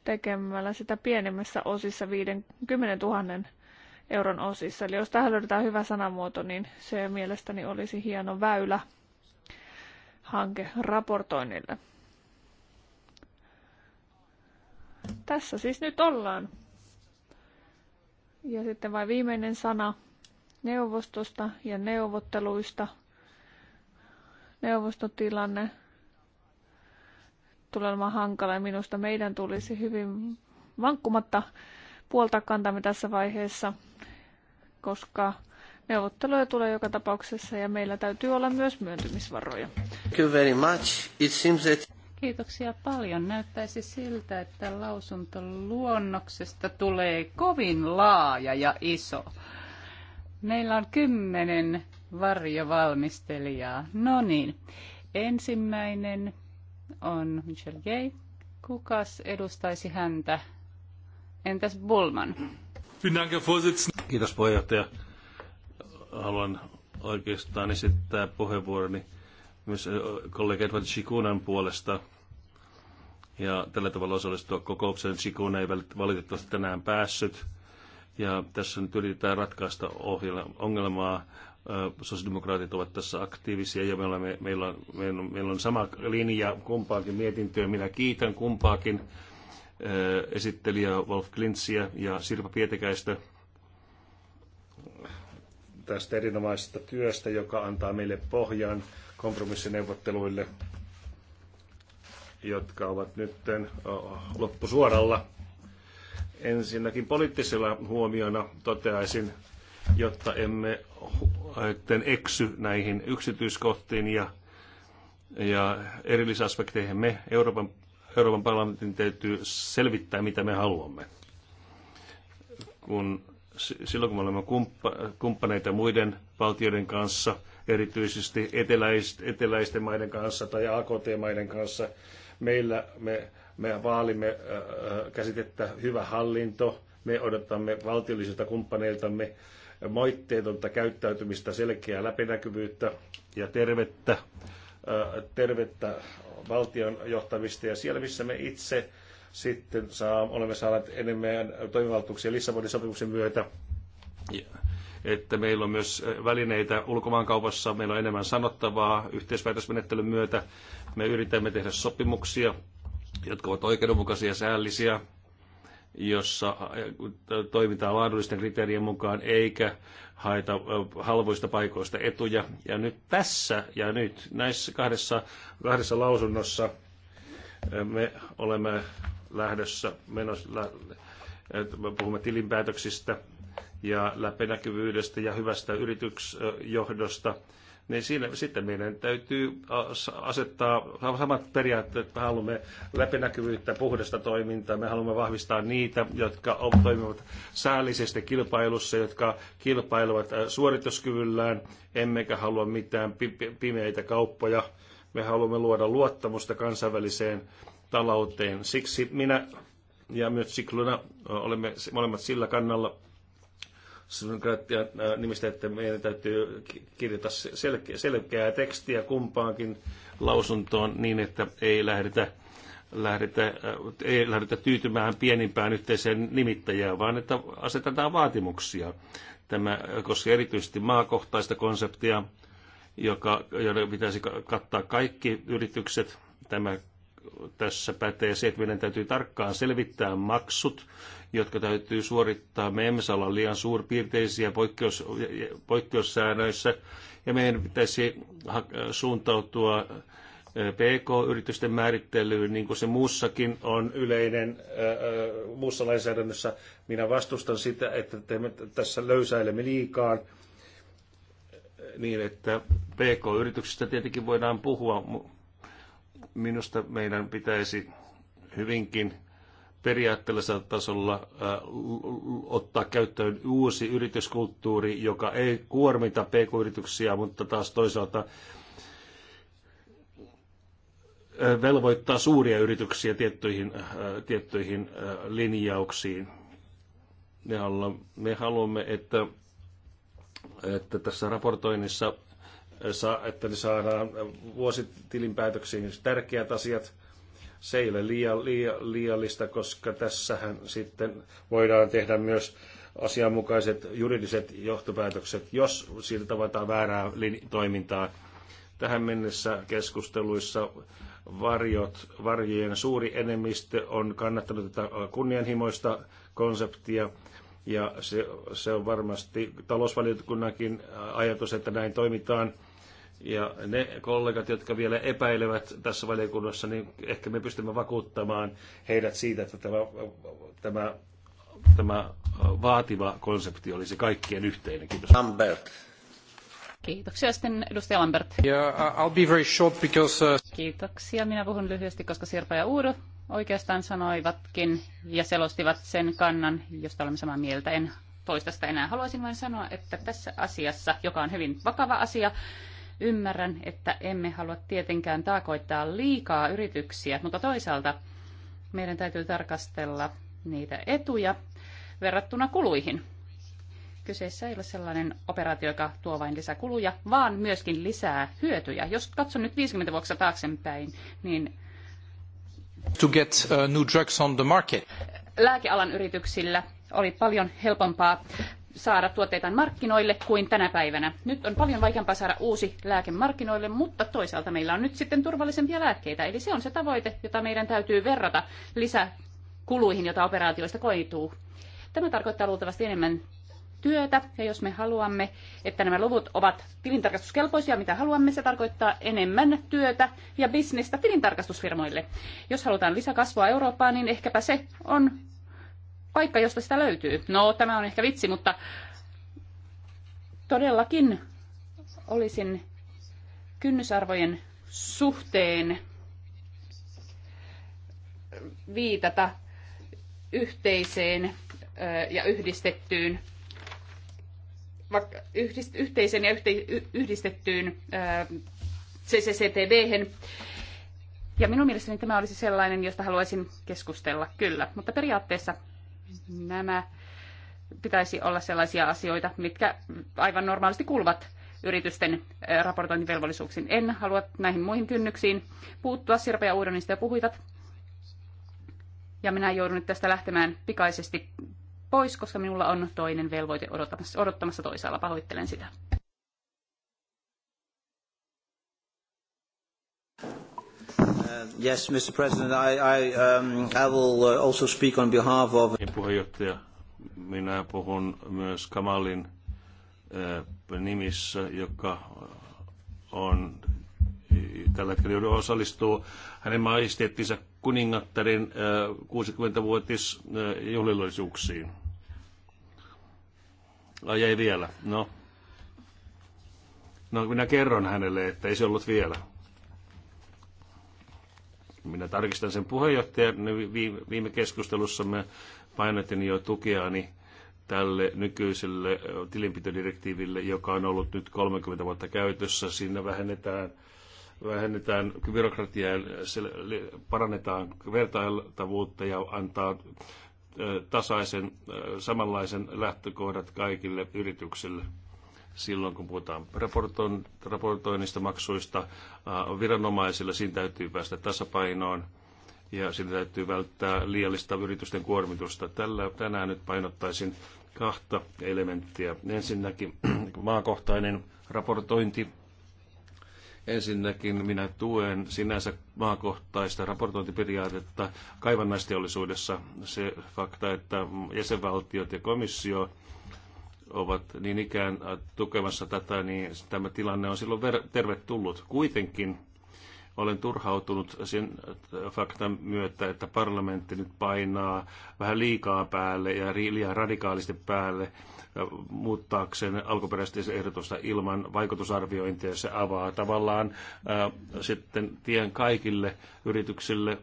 tekemällä sitä pienemmässä osissa 50 000 euron osissa. Eli jos tähän löydetään hyvä sanamuoto, niin se mielestäni olisi hieno väylä hanke raportoinnille. Tässä siis nyt ollaan. Ja sitten vain viimeinen sana neuvostosta ja neuvotteluista. Neuvostotilanne tulee olemaan hankala ja minusta meidän tulisi hyvin vankkumatta puolta kantamme tässä vaiheessa, koska neuvotteluja tulee joka tapauksessa ja meillä täytyy olla myös myöntymisvaroja. Thank you very much. It seems that... Kiitoksia paljon. Näyttäisi siltä, että lausuntoluonnoksesta tulee kovin laaja ja iso. Meillä on kymmenen varjovalmistelijaa. No niin, ensimmäinen on Michelle Gay. Kukas edustaisi häntä? Entäs Bullman? Kiitos puheenjohtaja. Haluan oikeastaan esittää puheenvuoroni myös kollega Edward Shikunan puolesta. Ja tällä tavalla osallistua kokoukseen. Shikun ei valitettavasti tänään päässyt ja tässä nyt yritetään ratkaista ongelmaa. Sosiaalidemokraatit ovat tässä aktiivisia ja meillä, meillä, on, meillä, on, meillä on sama linja kumpaakin mietintöä. Minä kiitän kumpaakin esittelijä Wolf Klintsiä ja Sirpa Pietekäistä tästä erinomaisesta työstä, joka antaa meille pohjan kompromissineuvotteluille, jotka ovat nyt loppusuoralla. Ensinnäkin poliittisella huomiona toteaisin, jotta emme eksy näihin yksityiskohtiin ja, ja erillisaspekteihin. Me Euroopan, Euroopan parlamentin täytyy selvittää, mitä me haluamme. Kun, silloin kun me olemme kumppa, kumppaneita muiden valtioiden kanssa, erityisesti eteläist, eteläisten maiden kanssa tai AKT-maiden kanssa, meillä me me vaalimme äh, äh, käsitettä hyvä hallinto, me odotamme valtiollisilta kumppaneiltamme moitteetonta käyttäytymistä, selkeää läpinäkyvyyttä ja tervettä, äh, tervettä valtion johtamista. Ja siellä, missä me itse sitten saa, olemme saaneet enemmän toimivaltuuksia Lissabonin sopimuksen myötä, että meillä on myös välineitä ulkomaankaupassa, meillä on enemmän sanottavaa yhteispäätösmenettelyn myötä. Me yritämme tehdä sopimuksia jotka ovat oikeudenmukaisia ja säällisiä, jossa toimitaan laadullisten kriteerien mukaan eikä haeta halvoista paikoista etuja. Ja nyt tässä ja nyt näissä kahdessa, kahdessa lausunnossa me olemme lähdössä menossa, me puhumme tilinpäätöksistä ja läpinäkyvyydestä ja hyvästä yritysjohdosta niin siinä, sitten meidän täytyy äh, asettaa samat periaatteet, että me haluamme läpinäkyvyyttä, puhdasta toimintaa, me haluamme vahvistaa niitä, jotka toimivat säällisesti kilpailussa, jotka kilpailevat äh, suorituskyvyllään, emmekä halua mitään pimeitä kauppoja. Me haluamme luoda luottamusta kansainväliseen talouteen. Siksi minä ja myös Sikluna äh, olemme molemmat sillä kannalla, sosiaalidemokraattia äh, nimistä, että meidän täytyy kirjata selkeä, selkeää tekstiä kumpaankin lausuntoon niin, että ei lähdetä, lähdetä, äh, ei lähdetä tyytymään pienimpään yhteiseen nimittäjään, vaan että asetetaan vaatimuksia. Tämä koskee erityisesti maakohtaista konseptia, joka, joiden pitäisi kattaa kaikki yritykset. Tämä tässä pätee se, että meidän täytyy tarkkaan selvittää maksut, jotka täytyy suorittaa. Me emme saa olla liian suurpiirteisiä poikkeus, poikkeussäännöissä ja meidän pitäisi suuntautua PK-yritysten määrittelyyn, niin kuin se muussakin on yleinen ää, muussa lainsäädännössä. Minä vastustan sitä, että me tässä löysäilemme liikaa niin, että PK-yrityksistä tietenkin voidaan puhua, Minusta meidän pitäisi hyvinkin periaatteellisella tasolla äh, ottaa käyttöön uusi yrityskulttuuri, joka ei kuormita pk-yrityksiä, mutta taas toisaalta äh, velvoittaa suuria yrityksiä tiettyihin, äh, tiettyihin linjauksiin. Me haluamme, että, että tässä raportoinnissa että ne saadaan vuositilinpäätöksiin tärkeät asiat. Se ei ole liian, liian, liiallista, koska tässähän sitten voidaan tehdä myös asianmukaiset juridiset johtopäätökset, jos siitä tavataan väärää toimintaa. Tähän mennessä keskusteluissa varjot, varjojen suuri enemmistö on kannattanut tätä kunnianhimoista konseptia. Ja se, se on varmasti talousvaliokunnankin ajatus, että näin toimitaan. Ja ne kollegat, jotka vielä epäilevät tässä valiokunnassa, niin ehkä me pystymme vakuuttamaan heidät siitä, että tämä, tämä, tämä vaativa konsepti olisi kaikkien yhteinen. Kiitos. Lambert. Kiitoksia sitten edustaja Lambert. Yeah, I'll be very short because, uh... Kiitoksia. Minä puhun lyhyesti, koska Sirpa ja Uudo oikeastaan sanoivatkin ja selostivat sen kannan, josta olemme samaa mieltä. En toista sitä enää. Haluaisin vain sanoa, että tässä asiassa, joka on hyvin vakava asia, Ymmärrän, että emme halua tietenkään taakoittaa liikaa yrityksiä, mutta toisaalta meidän täytyy tarkastella niitä etuja verrattuna kuluihin. Kyseessä ei ole sellainen operaatio, joka tuo vain lisää kuluja, vaan myöskin lisää hyötyjä. Jos katson nyt 50 vuotta taaksepäin, niin to get uh, new drugs on the market. Lääkealan yrityksillä oli paljon helpompaa saada tuotteitaan markkinoille kuin tänä päivänä. Nyt on paljon vaikeampaa saada uusi lääke markkinoille, mutta toisaalta meillä on nyt sitten turvallisempia lääkkeitä. Eli se on se tavoite, jota meidän täytyy verrata lisäkuluihin, jota operaatioista koituu. Tämä tarkoittaa luultavasti enemmän työtä, ja jos me haluamme, että nämä luvut ovat tilintarkastuskelpoisia, mitä haluamme, se tarkoittaa enemmän työtä ja bisnestä tilintarkastusfirmoille. Jos halutaan lisäkasvua Eurooppaan, niin ehkäpä se on paikka, josta sitä löytyy. No, tämä on ehkä vitsi, mutta todellakin olisin kynnysarvojen suhteen viitata yhteiseen ja yhdistettyyn yhteiseen ja yhdistettyyn CCCTV. Ja minun mielestäni tämä olisi sellainen, josta haluaisin keskustella, kyllä. Mutta periaatteessa nämä pitäisi olla sellaisia asioita, mitkä aivan normaalisti kuuluvat yritysten raportointivelvollisuuksiin. En halua näihin muihin kynnyksiin puuttua. Sirpa ja Uudonista jo puhuivat. Ja minä joudun nyt tästä lähtemään pikaisesti pois, koska minulla on toinen velvoite odottamassa, odottamassa toisaalla. Pahoittelen sitä. Uh, yes, Mr. President, I, I, um, I will uh, also speak on behalf of... Niin, puheenjohtaja, minä puhun myös Kamalin uh, nimissä, joka on tällä hetkellä osallistuu hänen majesteettinsa kuningattarin 60-vuotis juhlallisuuksiin. Ai ei vielä, no. No minä kerron hänelle, että ei se ollut vielä minä tarkistan sen puheenjohtajan, viime keskustelussa. keskustelussamme painotin jo tukeani tälle nykyiselle tilinpitodirektiiville, joka on ollut nyt 30 vuotta käytössä. Siinä vähennetään, vähennetään byrokratiaa, parannetaan vertailtavuutta ja antaa tasaisen, samanlaisen lähtökohdat kaikille yrityksille silloin, kun puhutaan raportoinnista, maksuista viranomaisilla, siinä täytyy päästä tasapainoon ja siinä täytyy välttää liiallista yritysten kuormitusta. Tällä, tänään nyt painottaisin kahta elementtiä. Ensinnäkin maakohtainen raportointi. Ensinnäkin minä tuen sinänsä maakohtaista raportointiperiaatetta kaivannaisteollisuudessa. Se fakta, että jäsenvaltiot ja komissio ovat niin ikään tukemassa tätä, niin tämä tilanne on silloin tervetullut. Kuitenkin olen turhautunut sen faktan myötä, että parlamentti nyt painaa vähän liikaa päälle ja liian radikaalisti päälle muuttaakseen alkuperäisesti ehdotusta ilman vaikutusarviointia. Se avaa tavallaan ää, sitten tien kaikille yrityksille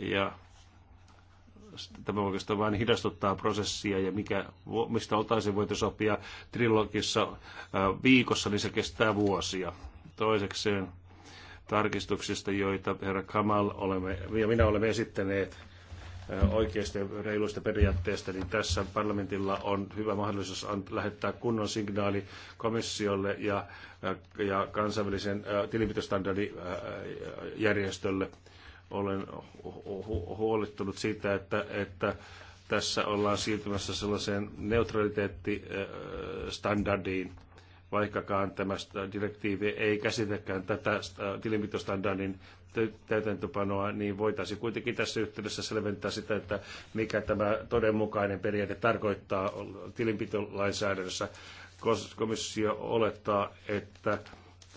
ja tämä oikeastaan vain hidastuttaa prosessia ja mikä, mistä oltaisiin voitu sopia trilogissa äh, viikossa, niin se kestää vuosia. Toisekseen tarkistuksista, joita herra Kamal olemme, ja minä olemme esittäneet äh, oikeista ja reiluista periaatteista, niin tässä parlamentilla on hyvä mahdollisuus lähettää kunnon signaali komissiolle ja, äh, ja kansainvälisen tilinpitostandardijärjestölle. Olen huolittunut siitä, että, että tässä ollaan siirtymässä sellaiseen neutraliteettistandardiin, vaikkakaan tämä direktiivi ei käsitäkään tätä tilinpitostandardin täytäntöpanoa, niin voitaisiin kuitenkin tässä yhteydessä selventää sitä, että mikä tämä todenmukainen periaate tarkoittaa tilinpitolainsäädännössä. Komissio olettaa, että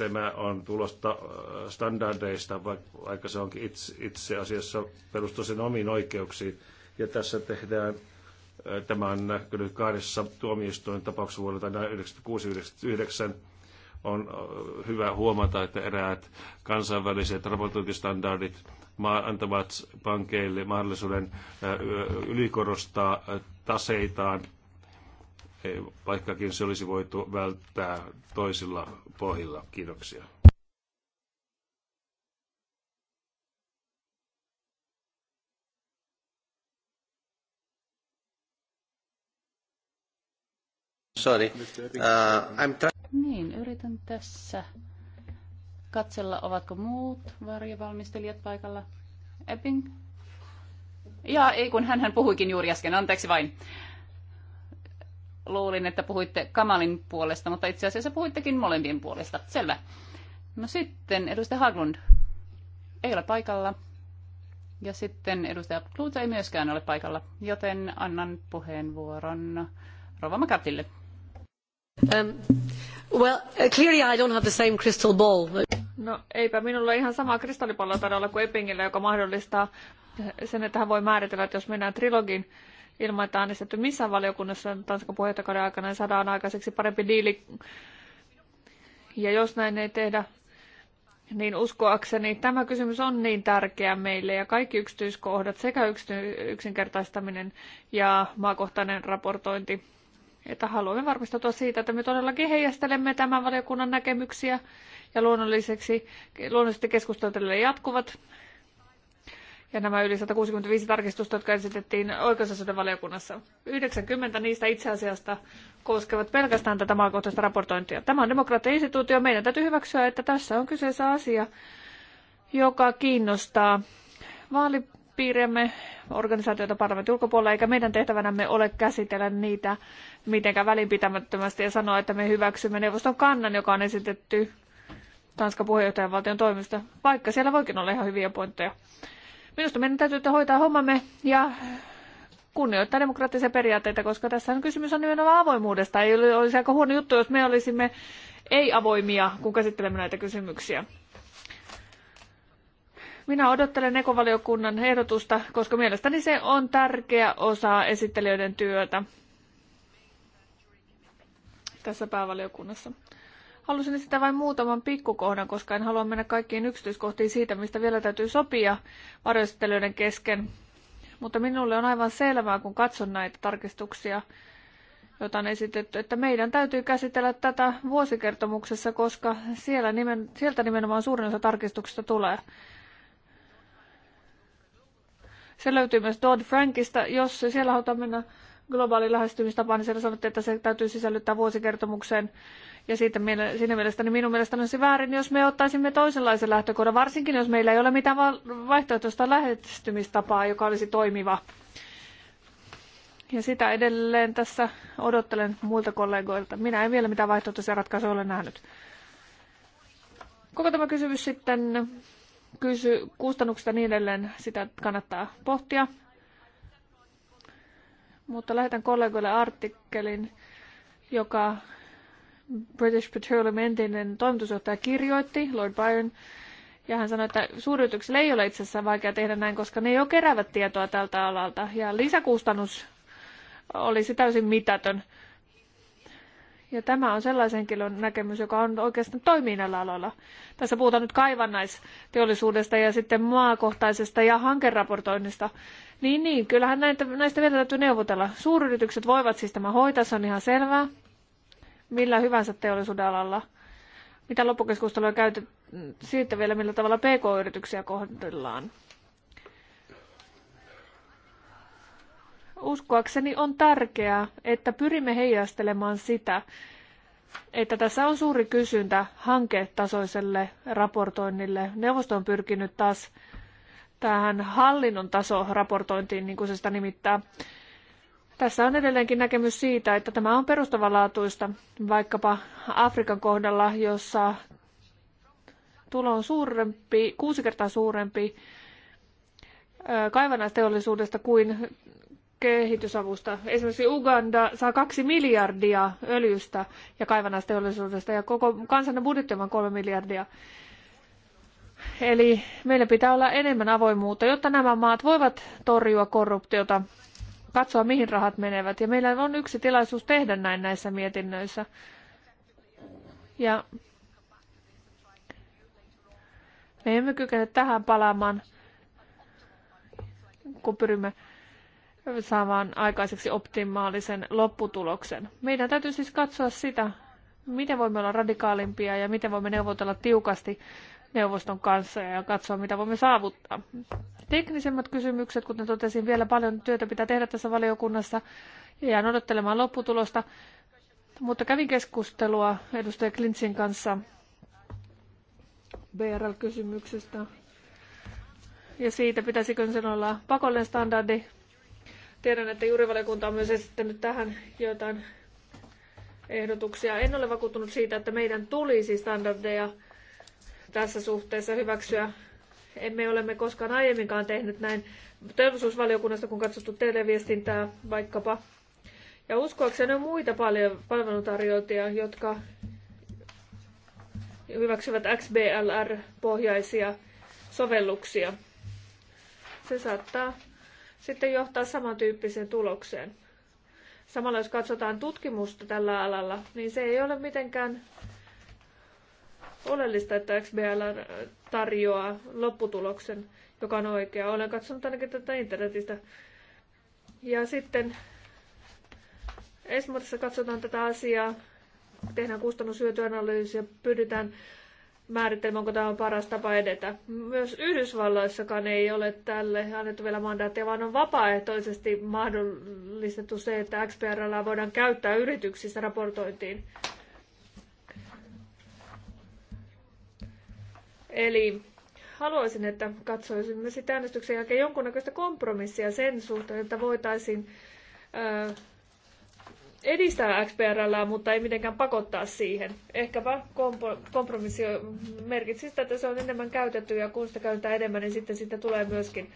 Tämä on tulosta äh, standardeista, vaikka se onkin itse, itse asiassa perustu sen omiin oikeuksiin. Ja tässä tehdään, äh, tämä on näkynyt kahdessa tuomioistuin tapauksessa vuodelta 1996-1999, on äh, hyvä huomata, että eräät kansainväliset raportointistandardit antavat pankeille mahdollisuuden ylikorostaa taseitaan vaikkakin se olisi voitu välttää toisilla pohjilla. Kiitoksia. Sorry. Uh, I'm tra- niin, yritän tässä katsella, ovatko muut varjovalmistelijat paikalla. Epping? Ja ei kun hän puhuikin juuri äsken, anteeksi vain luulin, että puhuitte Kamalin puolesta, mutta itse asiassa puhuittekin molempien puolesta. Selvä. No sitten edustaja Haglund ei ole paikalla. Ja sitten edustaja Kluut ei myöskään ole paikalla, joten annan puheenvuoron Rova Makatille. Um, well, clearly I don't have the same crystal ball. No eipä minulla ihan sama kristallipallo tarjolla kuin Eppingillä, joka mahdollistaa sen, että hän voi määritellä, että jos mennään trilogin ilman, että äänestetty missään valiokunnassa Tanskan puheenjohtajakauden aikana ja niin saadaan aikaiseksi parempi diili. Ja jos näin ei tehdä, niin uskoakseni tämä kysymys on niin tärkeä meille ja kaikki yksityiskohdat sekä yksinkertaistaminen ja maakohtainen raportointi, että haluamme varmistautua siitä, että me todellakin heijastelemme tämän valiokunnan näkemyksiä ja luonnollisesti keskustelut jatkuvat ja nämä yli 165 tarkistusta, jotka esitettiin oikeusasioiden valiokunnassa. 90 niistä itse asiassa koskevat pelkästään tätä maakohtaista raportointia. Tämä on demokraattinen instituutio. Meidän täytyy hyväksyä, että tässä on kyseessä asia, joka kiinnostaa vaalipiiremme organisaatioita parlamentin ulkopuolella, eikä meidän tehtävänämme ole käsitellä niitä mitenkään välinpitämättömästi ja sanoa, että me hyväksymme neuvoston kannan, joka on esitetty Tanskan puheenjohtajavaltion toimista, vaikka siellä voikin olla ihan hyviä pointteja. Minusta meidän täytyy hoitaa hommamme ja kunnioittaa demokraattisia periaatteita, koska tässä on kysymys on nimenomaan avoimuudesta. Ei olisi aika huono juttu, jos me olisimme ei-avoimia, kun käsittelemme näitä kysymyksiä. Minä odottelen ekovaliokunnan ehdotusta, koska mielestäni se on tärkeä osa esittelijöiden työtä tässä päävaliokunnassa. Halusin sitä vain muutaman pikkukohdan, koska en halua mennä kaikkiin yksityiskohtiin siitä, mistä vielä täytyy sopia varjoistelijoiden kesken. Mutta minulle on aivan selvää, kun katson näitä tarkistuksia, joita on esitetty, että meidän täytyy käsitellä tätä vuosikertomuksessa, koska siellä nimen, sieltä nimenomaan suurin osa tarkistuksista tulee. Se löytyy myös Dodd-Frankista. Jos siellä halutaan mennä globaali lähestymistapaan, niin siellä sanottiin, että se täytyy sisällyttää vuosikertomukseen. Ja siitä, siinä mielestäni niin minun mielestäni olisi väärin, jos me ottaisimme toisenlaisen lähtökohdan, varsinkin jos meillä ei ole mitään vaihtoehtoista lähestymistapaa, joka olisi toimiva. Ja sitä edelleen tässä odottelen muilta kollegoilta. Minä en vielä mitään vaihtoehtoisia ratkaisuja ole nähnyt. Koko tämä kysymys sitten kysy, kustannuksista niin edelleen, sitä kannattaa pohtia. Mutta lähetän kollegoille artikkelin, joka British Petroleum entinen toimitusjohtaja kirjoitti, Lord Byron, ja hän sanoi, että suuryrityksillä ei ole itse asiassa vaikea tehdä näin, koska ne jo keräävät tietoa tältä alalta. Ja lisäkustannus olisi täysin mitätön. Ja tämä on sellaisen henkilön näkemys, joka on oikeastaan toimii näillä aloilla. Tässä puhutaan nyt kaivannaisteollisuudesta ja sitten maakohtaisesta ja hankeraportoinnista. Niin, niin, kyllähän näitä, näistä vielä täytyy neuvotella. Suuryritykset voivat siis tämä hoitaa, se on ihan selvää millä hyvänsä teollisuuden alalla. Mitä loppukeskustelua käyty siitä vielä, millä tavalla PK-yrityksiä kohdellaan? Uskoakseni on tärkeää, että pyrimme heijastelemaan sitä, että tässä on suuri kysyntä hanketasoiselle raportoinnille. Neuvosto on pyrkinyt taas tähän hallinnon raportointiin, niin kuin se sitä nimittää. Tässä on edelleenkin näkemys siitä, että tämä on perustavanlaatuista vaikkapa Afrikan kohdalla, jossa tulo on suurempi, kuusi kertaa suurempi kaivannaisteollisuudesta kuin kehitysavusta. Esimerkiksi Uganda saa kaksi miljardia öljystä ja kaivannaisteollisuudesta ja koko kansan budjetti on kolme miljardia. Eli meillä pitää olla enemmän avoimuutta, jotta nämä maat voivat torjua korruptiota katsoa, mihin rahat menevät. Ja meillä on yksi tilaisuus tehdä näin näissä mietinnöissä. Ja me emme kykene tähän palaamaan, kun pyrimme saamaan aikaiseksi optimaalisen lopputuloksen. Meidän täytyy siis katsoa sitä, miten voimme olla radikaalimpia ja miten voimme neuvotella tiukasti neuvoston kanssa ja katsoa, mitä voimme saavuttaa teknisemmät kysymykset. Kuten totesin, vielä paljon työtä pitää tehdä tässä valiokunnassa ja jään odottelemaan lopputulosta. Mutta kävin keskustelua edustaja Klintsin kanssa BRL-kysymyksestä ja siitä, pitäisikö sen olla pakollinen standardi. Tiedän, että juurivaliokunta on myös esittänyt tähän jotain ehdotuksia. En ole vakuuttunut siitä, että meidän tulisi standardeja tässä suhteessa hyväksyä emme olemme koskaan aiemminkaan tehnyt näin teollisuusvaliokunnasta, kun katsottu televiestintää vaikkapa. Ja uskoakseni on muita paljon palveluntarjoajia, jotka hyväksyvät XBLR-pohjaisia sovelluksia. Se saattaa sitten johtaa samantyyppiseen tulokseen. Samalla jos katsotaan tutkimusta tällä alalla, niin se ei ole mitenkään oleellista, että XBL tarjoaa lopputuloksen, joka on oikea. Olen katsonut ainakin tätä internetistä. Ja sitten Esmotissa katsotaan tätä asiaa, tehdään ja pyydetään määrittelemään, onko tämä on paras tapa edetä. Myös Yhdysvalloissakaan ei ole tälle annettu vielä mandaattia, vaan on vapaaehtoisesti mahdollistettu se, että XPRllä voidaan käyttää yrityksissä raportointiin. Eli haluaisin, että katsoisimme sitten äänestyksen jälkeen jonkunnäköistä kompromissia sen suhteen, että voitaisiin edistää XPRL, mutta ei mitenkään pakottaa siihen. Ehkäpä kompromissi merkitsi sitä, että se on enemmän käytetty ja kun sitä käytetään enemmän, niin sitten siitä tulee myöskin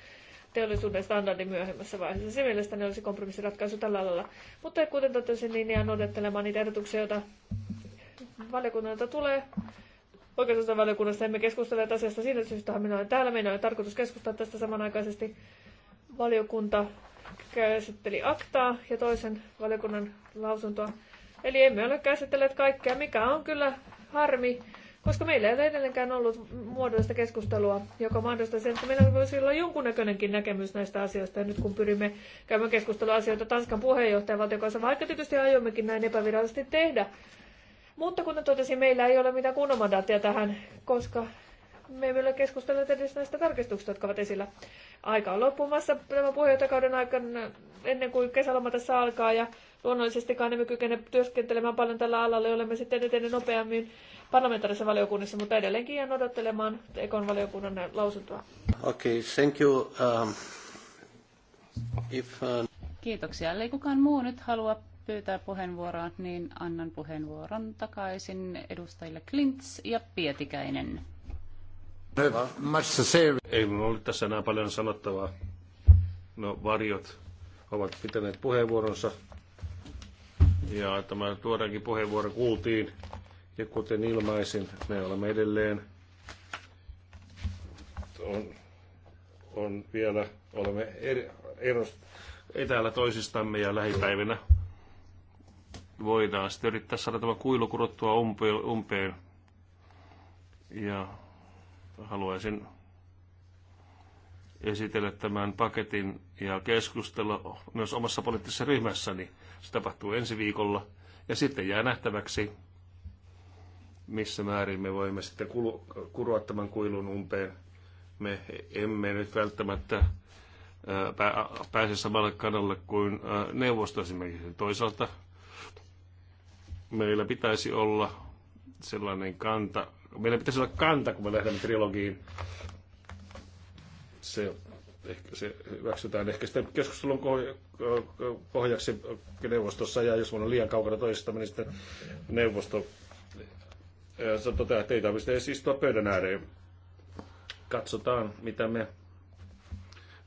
teollisuuden standardi myöhemmässä vaiheessa. Se mielestäni olisi kompromissiratkaisu tällä alalla. Mutta kuten totesin, niin jään odottelemaan niitä ehdotuksia, joita valiokunnalta tulee oikeusasiavaliokunnassa emme keskustele asiasta siitä syystä, että minä olen täällä. minä oli tarkoitus keskustella tästä samanaikaisesti. Valiokunta käsitteli aktaa ja toisen valiokunnan lausuntoa. Eli emme ole käsitelleet kaikkea, mikä on kyllä harmi, koska meillä ei ole edelleenkään ollut muodollista keskustelua, joka mahdollistaa sen, että meillä voisi olla jonkunnäköinenkin näkemys näistä asioista. Ja nyt kun pyrimme käymään keskustelua asioita Tanskan puheenjohtajan valtion kanssa, vaikka tietysti aiommekin näin epävirallisesti tehdä, mutta kun totesin, meillä ei ole mitään kunnon mandaattia tähän, koska me emme ole keskustelleet edes näistä tarkistuksista, jotka ovat esillä. Aika on loppumassa tämän puheenjohtajakauden aikana ennen kuin kesäloma tässä alkaa ja luonnollisestikaan emme kykene työskentelemään paljon tällä alalla, olemme sitten etenneet nopeammin parlamentaarisessa valiokunnassa, mutta edelleenkin jään odottelemaan Ekon valiokunnan lausuntoa. Okei, okay, thank you. Um, if, uh... Kiitoksia. Ei kukaan muu nyt halua pyytää puheenvuoroa, niin annan puheenvuoron takaisin edustajille Klints ja Pietikäinen. Ei minulla ollut tässä enää paljon sanottavaa. No, varjot ovat pitäneet puheenvuoronsa. Ja tämä tuodaankin puheenvuoro kuultiin. Ja kuten ilmaisin, me olemme edelleen on, on vielä, olemme eri, eros, etäällä toisistamme ja lähipäivinä voidaan sitten yrittää saada tämä kuilu kurottua umpeen. Ja haluaisin esitellä tämän paketin ja keskustella myös omassa poliittisessa ryhmässäni. Se tapahtuu ensi viikolla ja sitten jää nähtäväksi, missä määrin me voimme sitten kuroa tämän kuilun umpeen. Me emme nyt välttämättä pääse samalle kanalle kuin neuvosto esimerkiksi. Toisaalta meillä pitäisi olla sellainen kanta, meillä pitäisi olla kanta, kun me lähdemme trilogiin. Se, ehkä se hyväksytään ehkä sitten keskustelun pohjaksi neuvostossa, ja jos on liian kaukana toisista, niin sitten neuvosto se toteaa, että ei tarvitse edes istua pöydän ääreen. Katsotaan, mitä me,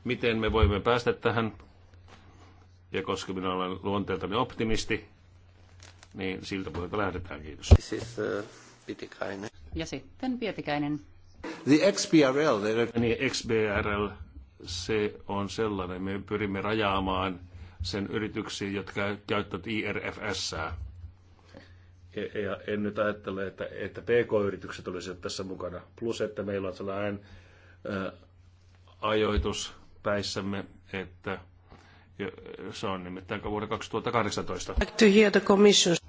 miten me voimme päästä tähän. Ja koska minä olen luonteeltani optimisti, niin siltä puolelta lähdetään. Kiitos. Siis, uh, Pietikäinen. Ja sitten Pietikäinen. The XBRL. The... Niin, XBRL, se on sellainen, me pyrimme rajaamaan sen yrityksiin, jotka käyttävät IRFS. Ja, ja en nyt ajattele, että, että PK-yritykset olisivat tässä mukana. Plus, että meillä on sellainen ajoitus päissämme, että se on nimittäin vuonna 2018.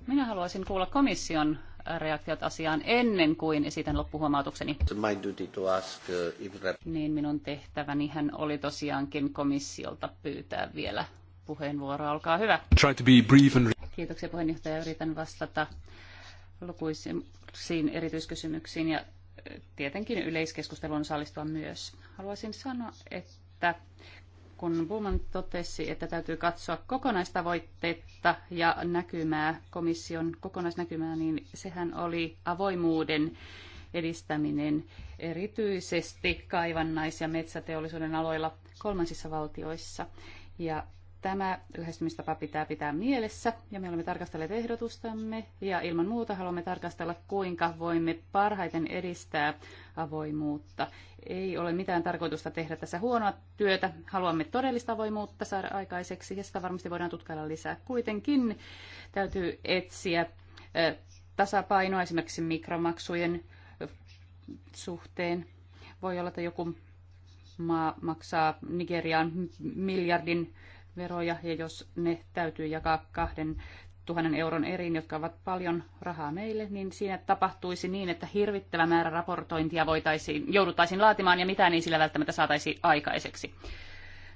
Minä haluaisin kuulla komission reaktiot asiaan ennen kuin esitän loppuhuomautukseni. Uh, niin minun tehtävänihän oli tosiaankin komissiolta pyytää vielä puheenvuoro. Olkaa hyvä. Try to be brief and... Kiitoksia puheenjohtaja. Yritän vastata lukuisiin erityiskysymyksiin ja äh, tietenkin yleiskeskusteluun osallistua myös. Haluaisin sanoa, että kun Buman totesi, että täytyy katsoa kokonaistavoitteita ja näkymää, komission kokonaisnäkymää, niin sehän oli avoimuuden edistäminen erityisesti kaivannais- ja metsäteollisuuden aloilla kolmansissa valtioissa. Ja Tämä lähestymistapa pitää pitää mielessä ja me olemme tarkastelleet ehdotustamme ja ilman muuta haluamme tarkastella, kuinka voimme parhaiten edistää avoimuutta. Ei ole mitään tarkoitusta tehdä tässä huonoa työtä. Haluamme todellista avoimuutta saada aikaiseksi ja sitä varmasti voidaan tutkailla lisää. Kuitenkin täytyy etsiä tasapainoa esimerkiksi mikromaksujen suhteen. Voi olla, että joku maa maksaa Nigerian miljardin veroja ja jos ne täytyy jakaa kahden tuhannen euron eriin, jotka ovat paljon rahaa meille, niin siinä tapahtuisi niin, että hirvittävä määrä raportointia voitaisiin, jouduttaisiin laatimaan ja mitään ei sillä välttämättä saataisi aikaiseksi.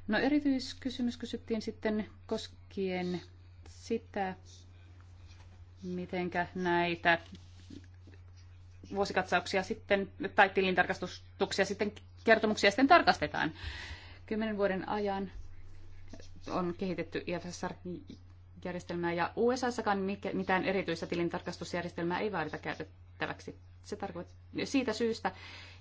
No erityiskysymys kysyttiin sitten koskien sitä, mitenkä näitä vuosikatsauksia sitten, tai tilintarkastuksia sitten, kertomuksia sitten tarkastetaan. Kymmenen vuoden ajan on kehitetty IFSR-järjestelmää ja USAssakaan mitään erityistä tilintarkastusjärjestelmää ei vaadita käytettäväksi. Se tarkoittaa siitä syystä,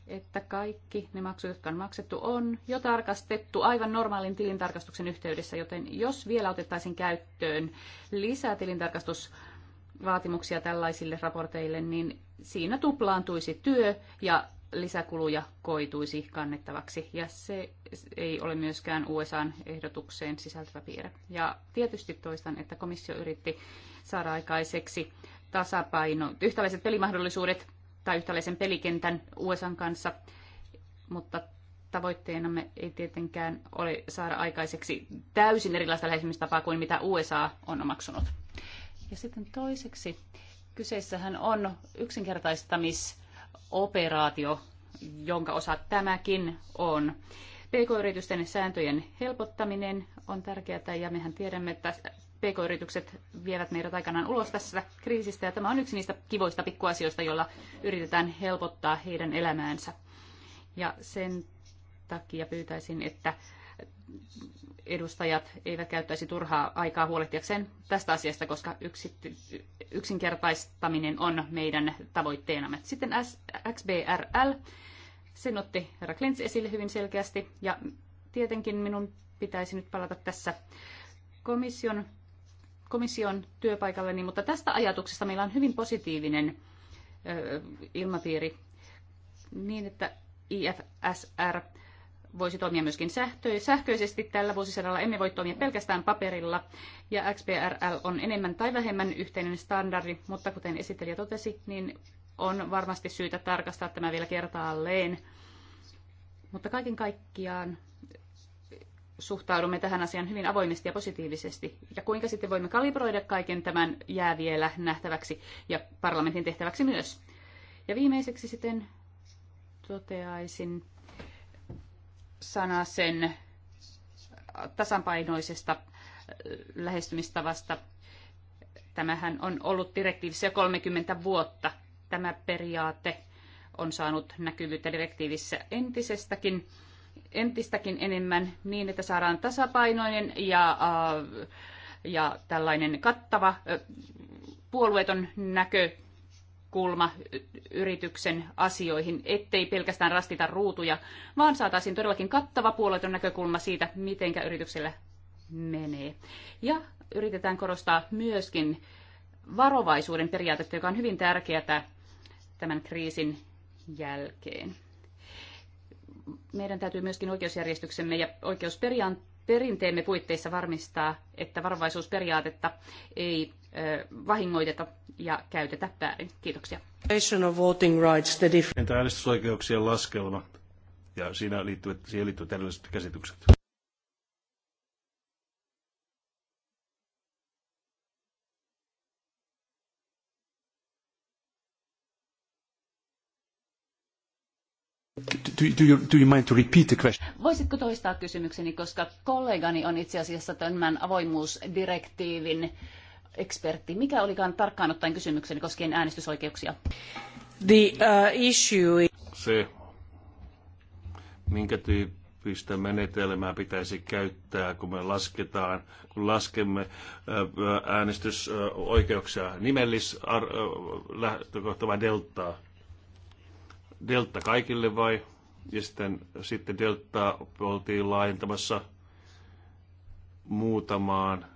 että kaikki ne maksut, jotka on maksettu, on jo tarkastettu aivan normaalin tilintarkastuksen yhteydessä, joten jos vielä otettaisiin käyttöön lisää tilintarkastusvaatimuksia tällaisille raporteille, niin siinä tuplaantuisi työ ja lisäkuluja koituisi kannettavaksi, ja se ei ole myöskään USAn ehdotukseen sisältävä piirre. Ja tietysti toistan, että komissio yritti saada aikaiseksi tasapaino, yhtäläiset pelimahdollisuudet tai yhtäläisen pelikentän USAn kanssa, mutta tavoitteenamme ei tietenkään ole saada aikaiseksi täysin erilaista lähestymistapaa kuin mitä USA on omaksunut. Ja sitten toiseksi, kyseessähän on yksinkertaistamis operaatio, jonka osa tämäkin on. PK-yritysten sääntöjen helpottaminen on tärkeää ja mehän tiedämme, että PK-yritykset vievät meidät aikanaan ulos tässä kriisistä ja tämä on yksi niistä kivoista pikkuasioista, joilla yritetään helpottaa heidän elämäänsä. Ja sen takia pyytäisin, että edustajat eivät käyttäisi turhaa aikaa huolehtiakseen tästä asiasta, koska yksinkertaistaminen on meidän tavoitteenamme. Sitten XBRL, sen otti herra Klintz esille hyvin selkeästi, ja tietenkin minun pitäisi nyt palata tässä komission, komission työpaikalleni, mutta tästä ajatuksesta meillä on hyvin positiivinen ö, ilmapiiri niin, että IFSR voisi toimia myöskin sähköisesti tällä vuosisadalla. Emme voi toimia pelkästään paperilla ja XPRL on enemmän tai vähemmän yhteinen standardi, mutta kuten esittelijä totesi, niin on varmasti syytä tarkastaa tämä vielä kertaalleen. Mutta kaiken kaikkiaan suhtaudumme tähän asiaan hyvin avoimesti ja positiivisesti. Ja kuinka sitten voimme kalibroida kaiken tämän jää vielä nähtäväksi ja parlamentin tehtäväksi myös. Ja viimeiseksi sitten toteaisin, sana sen tasapainoisesta lähestymistavasta. Tämähän on ollut direktiivissä jo 30 vuotta. Tämä periaate on saanut näkyvyyttä direktiivissä entisestäkin, entistäkin enemmän niin, että saadaan tasapainoinen ja, ja tällainen kattava puolueeton näkö kulma yrityksen asioihin, ettei pelkästään rastita ruutuja, vaan saataisiin todellakin kattava puolueeton näkökulma siitä, miten yrityksellä menee. Ja yritetään korostaa myöskin varovaisuuden periaatetta, joka on hyvin tärkeää tämän kriisin jälkeen. Meidän täytyy myöskin oikeusjärjestyksemme ja oikeusperiaatteemme perinteemme puitteissa varmistaa, että varovaisuusperiaatetta ei vahingoiteta ja käytetä väärin. Kiitoksia. Entä äänestysoikeuksien laskelma ja siinä liittyvät, siihen liittyvät erilaiset käsitykset? do, do, you, do you mind to repeat the question? Voisitko toistaa kysymykseni, koska kollegani on itse asiassa tämän avoimuusdirektiivin ekspertti. Mikä olikaan tarkkaan ottaen kysymykseni koskien äänestysoikeuksia? The uh, issue Se, minkä tyyppistä menetelmää pitäisi käyttää, kun me lasketaan, kun laskemme uh, äänestysoikeuksia nimellis uh, lähtökohta vai delta, Delta kaikille vai? Ja sitten, sitten Delta oltiin laajentamassa muutamaan